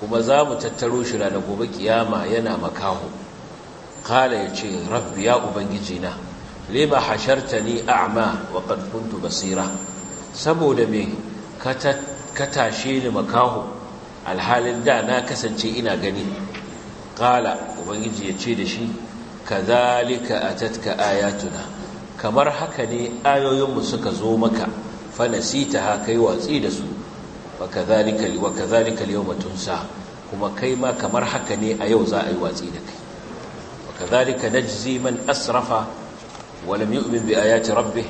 kuma za mu tattaro shi da gobe kiyama yana makaho kala yace rabbi ya ubangiji na lima hashartani a'ma wa qad kuntu basira saboda me ka tashi ni makaho alhalin da na kasance ina gani qala ubangiji yace ce da shi kadhalika atatka ayatuna kamar haka ne ayoyinmu suka zo maka fa ha kai watsi da su wa kazalika wa kadhalika al tunsa kuma kai ma kamar haka ne a yau za a yi watsi da kai wa kadhalika najzi man asrafa ولم يؤمن بآيات ربه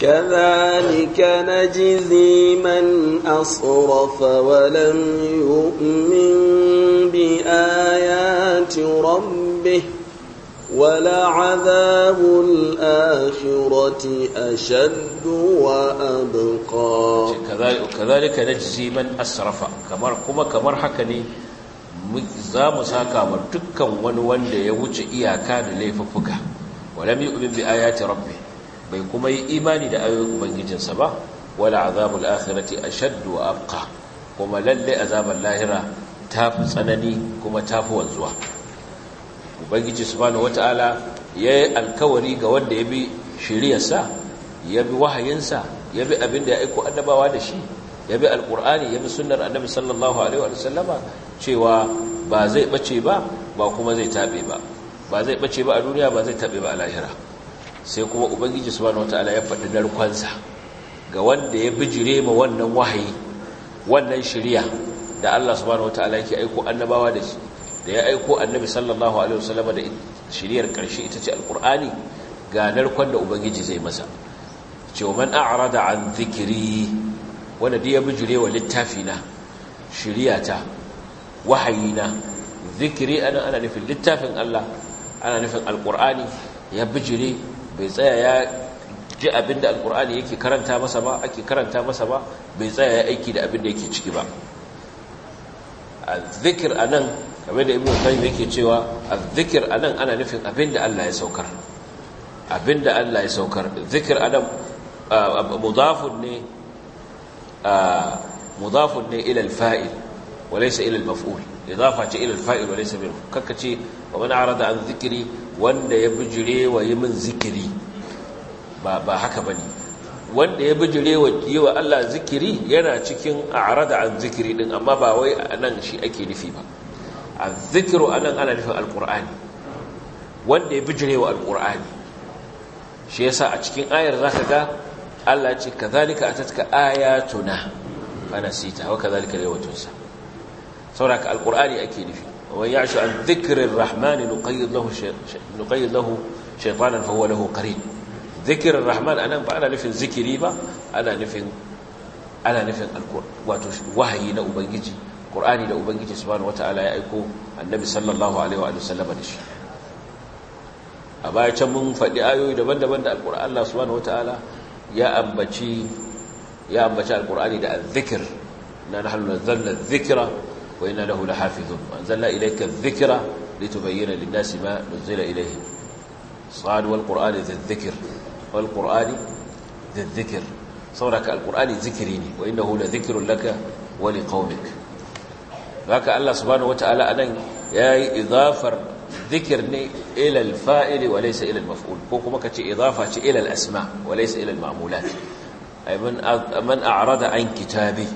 كذلك نجزي من أصرف ولم يؤمن بآيات ربه ولعذاب الآخرة أشد وأبقى كذلك نجزي من أسرف كمر كما كمر حكني za mu saka ma dukkan wani wanda ya wuce iyaka da laifuffuka walam yu'min bi ayati rabbih bai kuma yi imani da ayoyin ubangijinsa ba wala azabul akhirati ashaddu a abqa kuma lalle azabar lahira fi tsanani kuma tafi wanzuwa ubangiji subhanahu ya yayi alkawari ga wanda ya bi shiriyarsa ya bi wahayinsa ya bi abin da ya aiko annabawa da shi ya bi alkur'ani ya bi sunnar annabi sallallahu alaihi wa sallama cewa ba zai bace ba ba kuma zai tabe ba ba zai bace ba a duniya ba zai tabe ba a lahira sai kuma ubangiji subhanahu wataala ya faɗi narkonsa ga wanda ya bijire ma wannan wahayi wannan shiriya da Allah subhanahu wataala yake aiko annabawa da shi da ya aiko annabi sallallahu alaihi wasallam da shiriyar ƙarshe ita ce Alƙur'ani ga narkon da ubangiji zai masa cewa man a'rada an zikiri wanda da ya bijire wa littafina shiriyata wahayina zikiri ana ana nufin littafin Allah ana nufin alkur'ani ya bijire bai tsaya ya ji abin da alkur'ani yake karanta masa ba ake karanta masa ba bai tsaya ya aiki da abin da yake ciki ba A zikir a nan game da ibn qayyim yake cewa a zikir a nan ana nufin abin da Allah ya saukar abin da Allah ya saukar zikir a nan mudafun ne mudafun ne ila al-fa'il wa laysa ila al-maf'ul idafa ce ila al-fa'il wa laysa bil kakkace wa man arada an zikiri wanda ya bijire wa yi min zikiri ba ba haka wanda ya bijire wa yi wa Allah zikiri yana cikin arada an zikiri din amma ba wai anan shi ake nufi ba azzikiru anan ana nufin alkur'ani wanda ya bijire wa alqur'ani shi sa a cikin ayar zaka ga Allah ce kazalika atatka ayatuna fanasita wa kazalika yawtunsa saboda alkur'ani ake nufi ويعش عن ذكر الرحمن نقيض له شي... نقيض له شيطانا فهو له قرين ذكر الرحمن انا ba ana nufin zikiri ana nufin ana nufin alqur'an wato wahayi na ubangiji qur'ani da ubangiji subhanahu wataala ya aiko annabi sallallahu alaihi wa sallam a baya can mun faɗi ayoyi daban-daban da alqur'an Allah subhanahu wataala ya ambaci ya ambaci alqur'ani da azzikr na nahnu nazzalna wa inna lahu lahafizun wa anzalna ilayka adh-dhikra litubayyana lin-nasi ma nuzila ilayhim sa'ad wal qur'ani dhikr wal qur'ani dhikr sauraka al-qur'ani zikiri ne wa innahu ladhikrun laka wa Allah subhanahu wata'ala anan yayi idafar dhikr ne ila al-fa'il wa laysa ila al-maf'ul ko kuma kace idafa ce ila asma wa laysa ila man an kitabi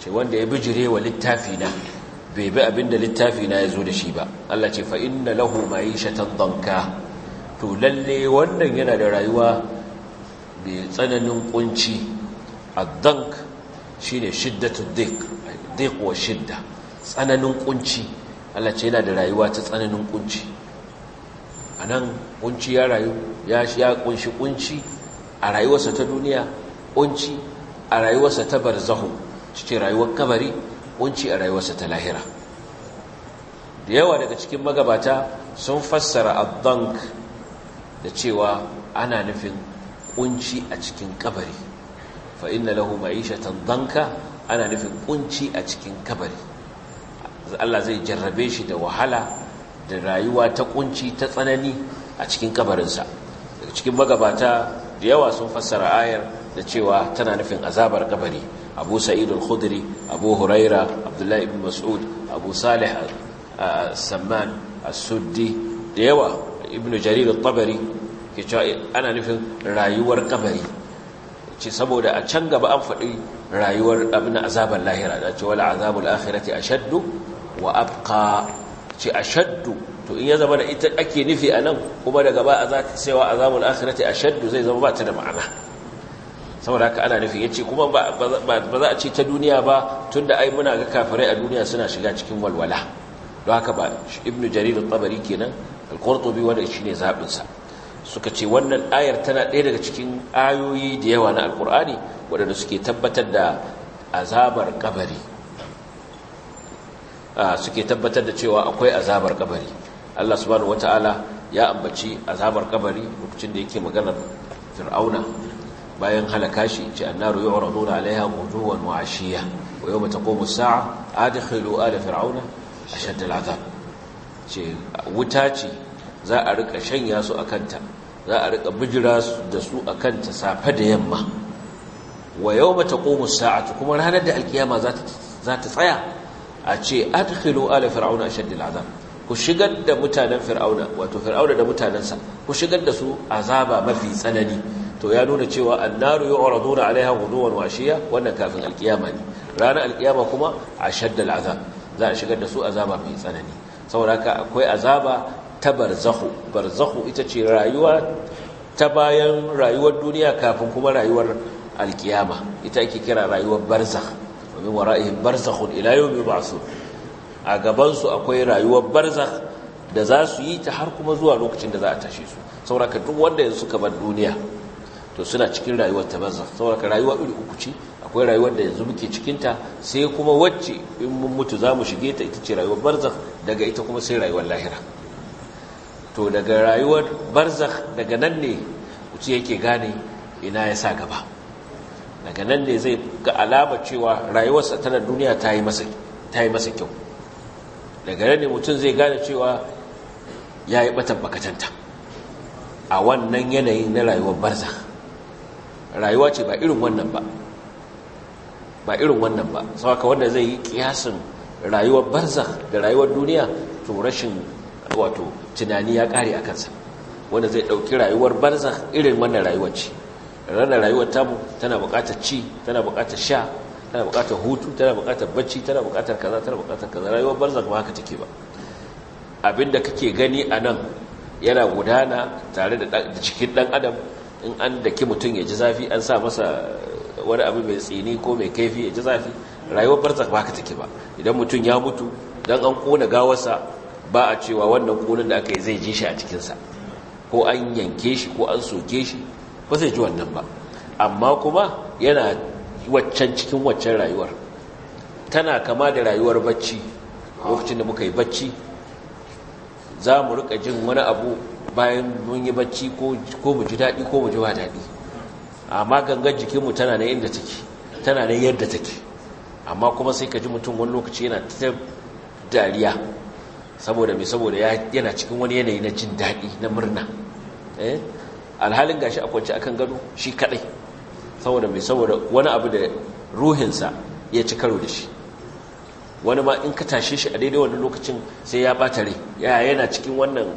ce wanda ya bijire wa littafi na bai bi abinda littafi na ya zo da shi ba Allah ce fa inna lahu ma'ishatan danka to lalle wannan yana da rayuwa mai tsananin kunci addank shine shiddatud dhiq dhiq wa shidda tsananin kunci Allah ce yana da rayuwa ta tsananin kunci anan kunci ya rayu ya ya kunshi kunci a rayuwarsa ta duniya kunci a rayuwarsa ta barzahu cikin rayuwar kabari kunci a rayuwarsa ta lahira da yawa daga cikin magabata sun fassara bank da cewa ana nufin kunci a cikin kabari fa inna lahu ma'ishatan banka ana nufin kunci a cikin kabari Allah zai jarrabe shi da wahala da rayuwa ta kunci ta tsanani a cikin kabarinsa daga cikin magabata da yawa sun fassara ayar da cewa tana nufin azabar kabari abu sa'id al-khudri abu huraira abdullah ibn mas'ud abu salih as-samman uh, as-suddi da yawa ibn jarir al-tabari ke cewa ana nufin rayuwar kabari ce saboda a can gaba an faɗi rayuwar abin azabar lahira da ce wala azabul akhirati ashaddu wa abqa ce ashaddu to in ya zama da ita ake nufi anan kuma daga ba a za ta cewa azabul akhirati ashaddu zai zama ba ta da ma'ana saboda haka ana nufi yace kuma ba za a ce ta duniya ba tunda ai muna ga kafirai a duniya suna shiga cikin walwala don haka ba ibnu jarir at-tabari kenan al-qurtubi wanda shine zabin sa suka ce wannan ayar tana ɗaya daga cikin ayoyi da yawa na alkur'ani waɗanda suke tabbatar da azabar kabari ah, suke tabbatar da cewa akwai azabar kabari Allah subhanahu wata'ala ya ambaci azabar kabari lokacin da yake maganar fir'auna bayan halaka shi ce annaru yu'raduna alaiha ghuduwan wa ashiya wa yawma taqumu as-sa'a adkhilu ala fir'auna ashadd al-'adab ce wuta ce za a rika shanya su akanta za a rika bijira da su akanta safe da yamma wa yawma taqumu as-sa'atu kuma ranar da alkiyama za ta za ta tsaya a ce adkhilu ala fir'auna ashadd al-'adab ku shigar da mutanen fir'auna wato fir'auna da mutanensa ku shigar da su azaba mafi tsanani to ya nuna cewa annaru nuna alaiha ghuduwan wa ashiya wannan kafin alkiyama ne ranar alkiyama kuma ashadda al'azab za a shigar da su azaba mai tsanani saboda akwai azaba ta barzahu barzakhu ita ce rayuwa ta bayan rayuwar duniya kafin kuma rayuwar alkiyama ita ake kira rayuwar barzak domin wara'ihim barzakhun ila mai ba'su a gabansu akwai rayuwar barzak da za su yi ta har kuma zuwa lokacin da za a tashe su saboda duk wanda yanzu suka bar duniya to suna cikin rayuwar ta banza saboda rayuwa iri uku ce akwai rayuwar da yanzu muke ta sai kuma wacce in mun mutu zamu mu shige ta ita ce rayuwar barzakh daga ita kuma sai rayuwar lahira to daga rayuwar barzakh daga nan ne uci yake gane ina ya sa gaba daga nan ne zai ga alama cewa rayuwarsa tana duniya ta yi masa kyau daga nan ne mutum zai gane cewa ya yi batan bakatanta a wannan yanayin na rayuwar barzak. rayuwa ce ba irin wannan ba ba irin wannan ba saboda wanda zai yi kiyasin rayuwar barzakh da rayuwar duniya to rashin wato tunani ya kare a kansa wanda zai dauki rayuwar barzakh irin wannan rayuwar ce ranar rayuwar tamu tana buƙatar ci tana buƙatar sha tana buƙatar hutu tana buƙatar bacci tana bukatar kaza tana buƙatar kaza rayuwar barzakh ba haka take ba abinda kake gani a nan yana gudana tare da cikin dan adam in an daki mutum ya ji zafi an sa masa wani abu mai tsini ko mai kaifi ya ji zafi rayuwar barzak ba ka take ba idan mutum ya mutu don an kona gawarsa ba a cewa wannan konin da aka yi zai ji shi a cikinsa ko an yanke shi ko an soke shi ba zai ji wannan ba amma kuma yana waccan cikin waccan rayuwar tana kama da rayuwar bacci lokacin da muka yi bacci za mu rika jin wani abu bayan mun yi bacci ko mu ji daɗi ko mu ji ba daɗi amma gangan jikinmu tana na yadda take tana na yadda take amma kuma sai ka ji mutum wani lokaci yana ta dariya saboda mai saboda yana cikin wani yanayi na jin daɗi na murna eh? alhalin gashi a kwanci akan gado shi kaɗai saboda mai saboda wani abu da ruhinsa ya ci karo da shi wani ma in ka tashe shi a daidai wani lokacin sai ya ɓata rai yana cikin wannan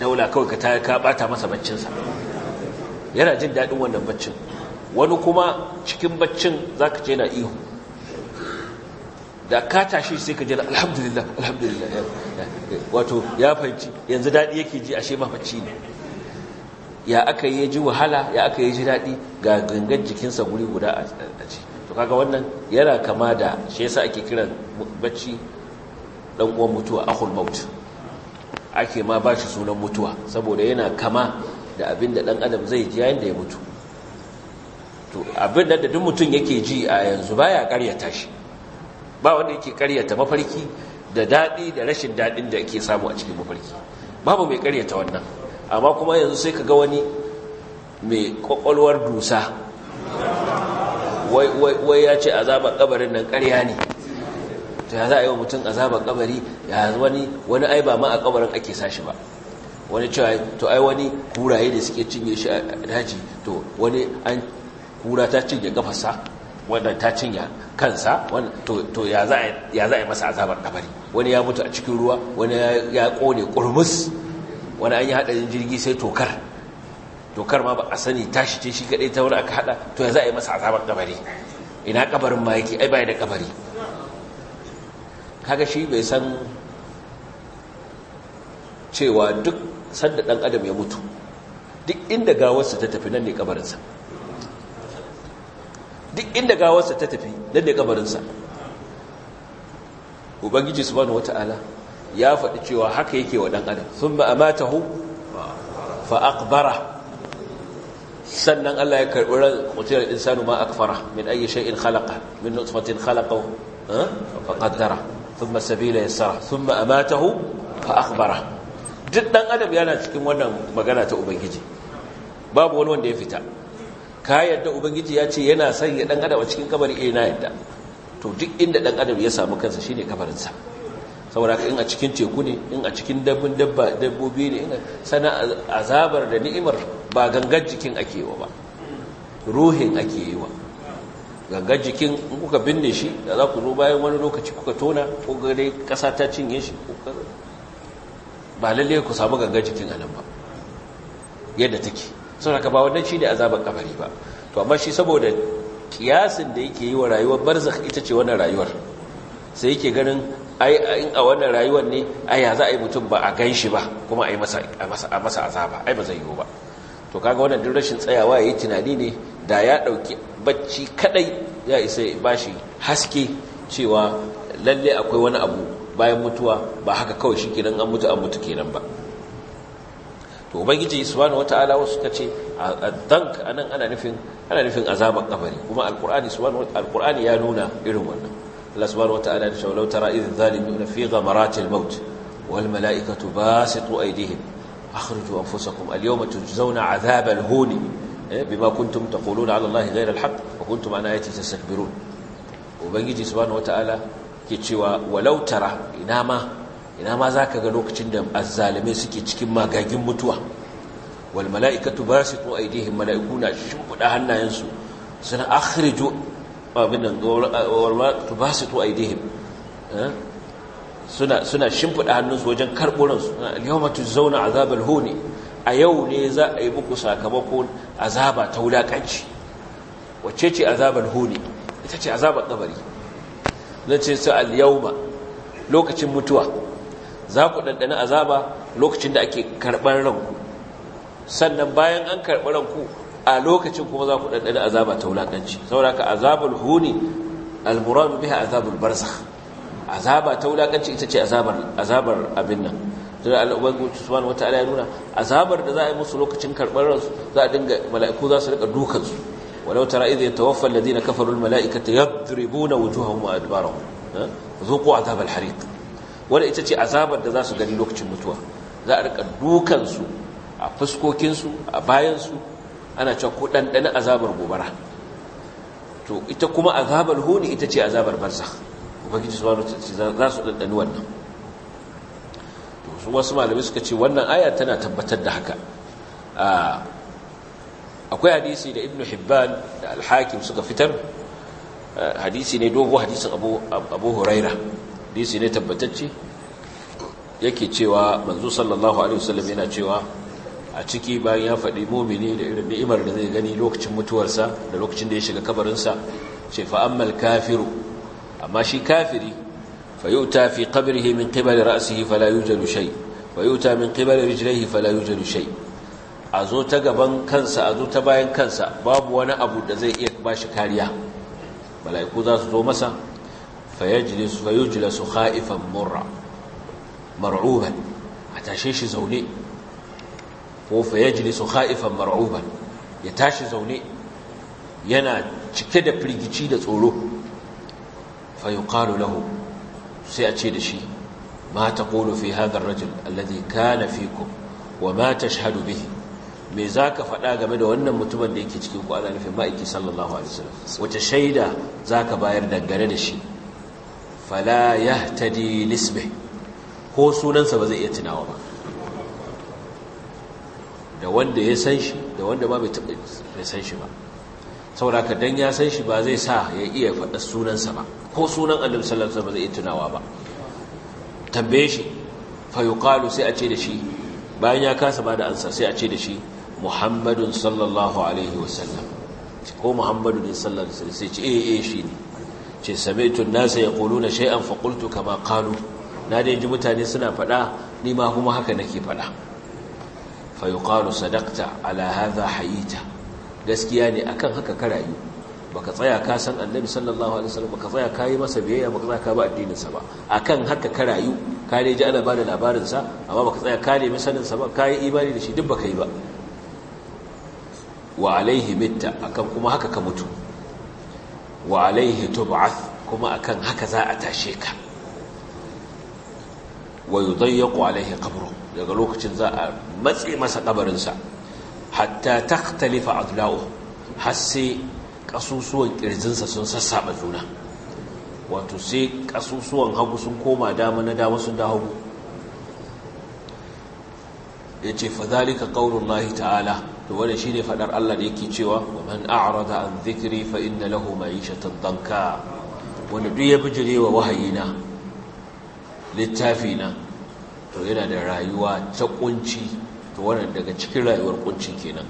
daula kawai ka ta ka bata masa baccinsa yana jin daɗin wannan baccin wani kuma cikin baccin za ka ce na ihu da ka tashi sai ka ji alhamdulillah alhamdulillah wato ya fahimci yanzu daɗi yake ji ashe mafacci ne ya aka yi ji wahala ya aka yi ji daɗi ga gangan jikinsa guri guda a ci to kaga wannan yana kama da shi yasa ake kiran bacci ɗan uwan mutuwa akhul maut ake ma ba shi sunan mutuwa saboda yana kama da abin da ɗan adam zai ji yayin da ya mutu to abin da duk mutum yake ji a yanzu baya karyata shi ba wanda yake karyata mafarki da daɗi da rashin daɗin da ake samu a cikin mafarki babu mai karyata wannan amma kuma yanzu sai ka ga wani mai ƙwaƙwalwar dusa wai ya ce azabar kabarin nan karya ne to ya za a yi wa mutum azabar kabari ya wani wani ai ba ma a kabarin ake sashi ba wani cewa to ai wani kuraye da suke cinye shi a daji to wani an kura ta cinye kafarsa wanda ta cinye kansa to ya za a yi masa azabar kabari wani ya mutu a cikin ruwa wani ya kone kurmus wani an yi haɗarin jirgi sai tokar tokar ma ba a sani tashi ce shi kaɗai ta wani aka haɗa to ya za a yi masa azabar kabari ina kabarin ma yake ai baya da kabari kaga shi bai san cewa duk sanda ɗan adam ya mutu duk inda gawarsa ta tafi nan ne kabarinsa duk inda gawarsa ta tafi nan ne kabarinsa ubangiji subhanahu wata'ala ya faɗi cewa haka yake wa ɗan adam sun ba amatahu fa aqbara sannan Allah ya karɓi ran mutum insanu ma akfara min ayi shay'in khalaqa min nutfatin khalaqahu eh, fa qaddara ثم sabila yassara ثم اماته فاخبره duk dan adam yana cikin wannan magana ta ubangiji babu wani wanda ya fita ka yadda ubangiji ya ce yana son ya dan adam a cikin kabari eh yadda to duk inda dan adam ya samu kansa shine kabarinsa saboda in a cikin teku ne in a cikin dabbin dabba dabbobi ne sana azabar da ni'imar ba gangar jikin ake yi ba ruhin ake yi Gangan jikin in kuka binne shi da za ku zo bayan wani lokaci kuka tona ko gare ƙasa ta cinye shi ko ba lalle ku samu gangan jikin anan ba yadda take sun haka ba wannan shi ne a zaben kamari ba to amma shi saboda kiyasin da yake yi wa rayuwar barzakh ita ce wannan rayuwar sai yake ganin ai in a wannan rayuwar ne ai ya za a yi mutum ba a gan shi ba kuma a yi masa azaba ai ba zai yiwu ba to kaga wannan duk rashin tsayawa ya yi tunani ne da ya ɗauki bacci kadai ya isa bashi haske cewa lalle akwai wani abu bayan mutuwa ba haka kawai shi kenan an mutu an mutu kenan ba to ubangiji subhanahu wataala wasu ka ce dank anan ana nufin ana nufin azaban kabari kuma alqur'ani subhanahu alqur'ani ya nuna irin wannan Allah subhanahu wataala ya ce law tara idh zalimuna fi ghamaratil maut wal malaikatu basitu aydihim akhrijoo anfusakum al yawma tujzauna azabal huni Eh, bima kuntum taquluna ala allahi ghayra alhaq wa kuntum an ayati tastakbirun ubangiji subhanahu wataala ke cewa walau tara ina ma ina ma zaka ga lokacin da azzalimai suke cikin magagin mutuwa wal mala'ikatu basitu aydihim mala'ikuna shimfida hannayensu suna akhriju abinan tu ba su aidihim eh, suna shimfiɗa hannunsu wajen karɓuransu zauna azabar huni a yau ne za a yi muku sakamakon azaba ta wulaƙanci wacce ce azabar huni ita ce azabar kabari zan ce su al-yauma lokacin mutuwa za ku ɗanɗana azaba lokacin da ake karɓar ranku sannan bayan an karɓar ranku a lokacin kuma za ku ɗanɗana azaba ta wulaƙanci sauraka azabar huni almuran biya azabar barza. azaba ta wulaƙanci ita ce azabar abin nan da al'ubagu subhanahu wataala ya nuna azabar da za a yi musu lokacin karɓar ransu za a dinga mala'iku za su rika dukansu walau tara idh yatawaffa alladhina kafaru almala'ikata yadribuna wujuhahum wa adbarahum eh? zuqu azab alhariq wala ita ce azabar da za su gani lokacin mutuwa za a rika dukansu a fuskokinsu a bayansu ana cewa ko dandana azabar gobara to ita kuma azabar huni ita ce azabar barzakh ubangiji subhanahu wataala za su ɗanɗani wannan wasu malami suka ce wannan aya tana tabbatar da haka akwai hadisi da ibn hibban da alhakim suka fitar hadisi ne dogo hadisin abu huraira hadisi ne tabbatacce yake cewa manzo sallallahu alaihi wasallam yana cewa a ciki bayan ya faɗi mumini da irin ni'imar da zai gani lokacin mutuwarsa da lokacin da ya shiga kabarinsa ce fa'ammal kafiru amma shi kafiri فيؤتى في قبره من قبل رأسه فلا يوجد شيء ويؤتى من قبل رجليه فلا يوجد شيء azo ta gaban kansa azo ta bayan kansa babu wani abu da zai iya bashi kariya malaiku za zo masa fa yajlisu khaifan murra mar'uban a tashe shi zaune ko fa yajlisu khaifan mar'uban ya tashi zaune yana cike da firgici da tsoro fa lahu sai a ce da shi ma taqulu fi hadha ar-rajul alladhi kana fikum wa ma tashhadu bihi me ka faɗa game da wannan mutumin da yake cikin ku ana nufin ma'aiki sallallahu alaihi wasallam Wata shaida za ka bayar dangane da shi fala yahtadi lisbih ko sunansa ba zai iya tunawa ba da wanda ya san shi da wanda ba bai san shi ba saboda ka dan ya san shi ba zai sa ya iya faɗa sunansa ba ko sunan annabi sallallahu alaihi wasallam zai tunawa ba tambaye shi fa yuqalu sai a ce da shi bayan ya kasa ba da ansa sai a ce da shi muhammadun sallallahu alaihi wasallam ko muhammadu ne sallallahu alaihi wasallam sai ce eh eh shi ne ce sami'tu an-nasa yaquluna shay'an fa qultu kama qalu na dai ji mutane suna faɗa ni ma kuma haka nake faɗa fa yuqalu sadaqta ala hadha hayita gaskiya ne akan haka ka rayu baka tsaya ka san annabi sallallahu alaihi wasallam baka tsaya ka masa biyayya baka tsaya ka ba addininsa ba akan haka ka rayu ka ne ji ana ba da labarinsa amma baka tsaya ka nemi sa ba ka imani da shi duk baka yi ba wa alaihi mitta akan kuma haka ka mutu wa alaihi tub'ath kuma akan haka za a tashe ka wa yudayyaqu alaihi qabru daga lokacin za a matse masa kabarinsa hatta takhtalifa adla'u har sai Kasusuwan ƙirjinsa sun sassaɓa juna wato sai ƙasusuwan hagu sun koma dama na dama sun da hagu ya ce fadalika ƙaunin lahi ta'ala to wadda shi ne faɗar Allah da yake cewa wa man da an zikiri fa inda lahu mai shatan danka wanda duk ya bijire wa wahayina littafina to yana da rayuwa ta kunci to wannan daga cikin rayuwar kunci kenan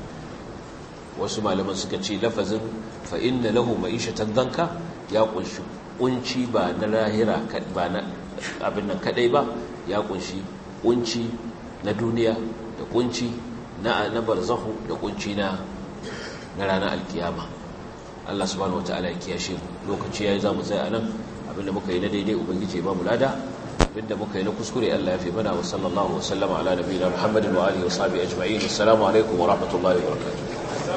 wasu malaman suka ce lafazin fa inna lahu ma'ishatan danka ya kunshi kunci ba na lahira ba na abin nan kadai ba ya kunshi kunci na duniya da kunci na na barzahu da kunci na na ranar alkiyama Allah subhanahu wataala ya kiyashe mu lokaci yayi zamu tsaya anan abinda muka yi na daidai ubangiji ba mu lada abinda muka yi na kuskure Allah ya fi mana wa sallallahu wa sallama ala nabiyina Muhammadin wa alihi wa sahbihi ajma'in assalamu alaikum wa rahmatullahi wa barakatuh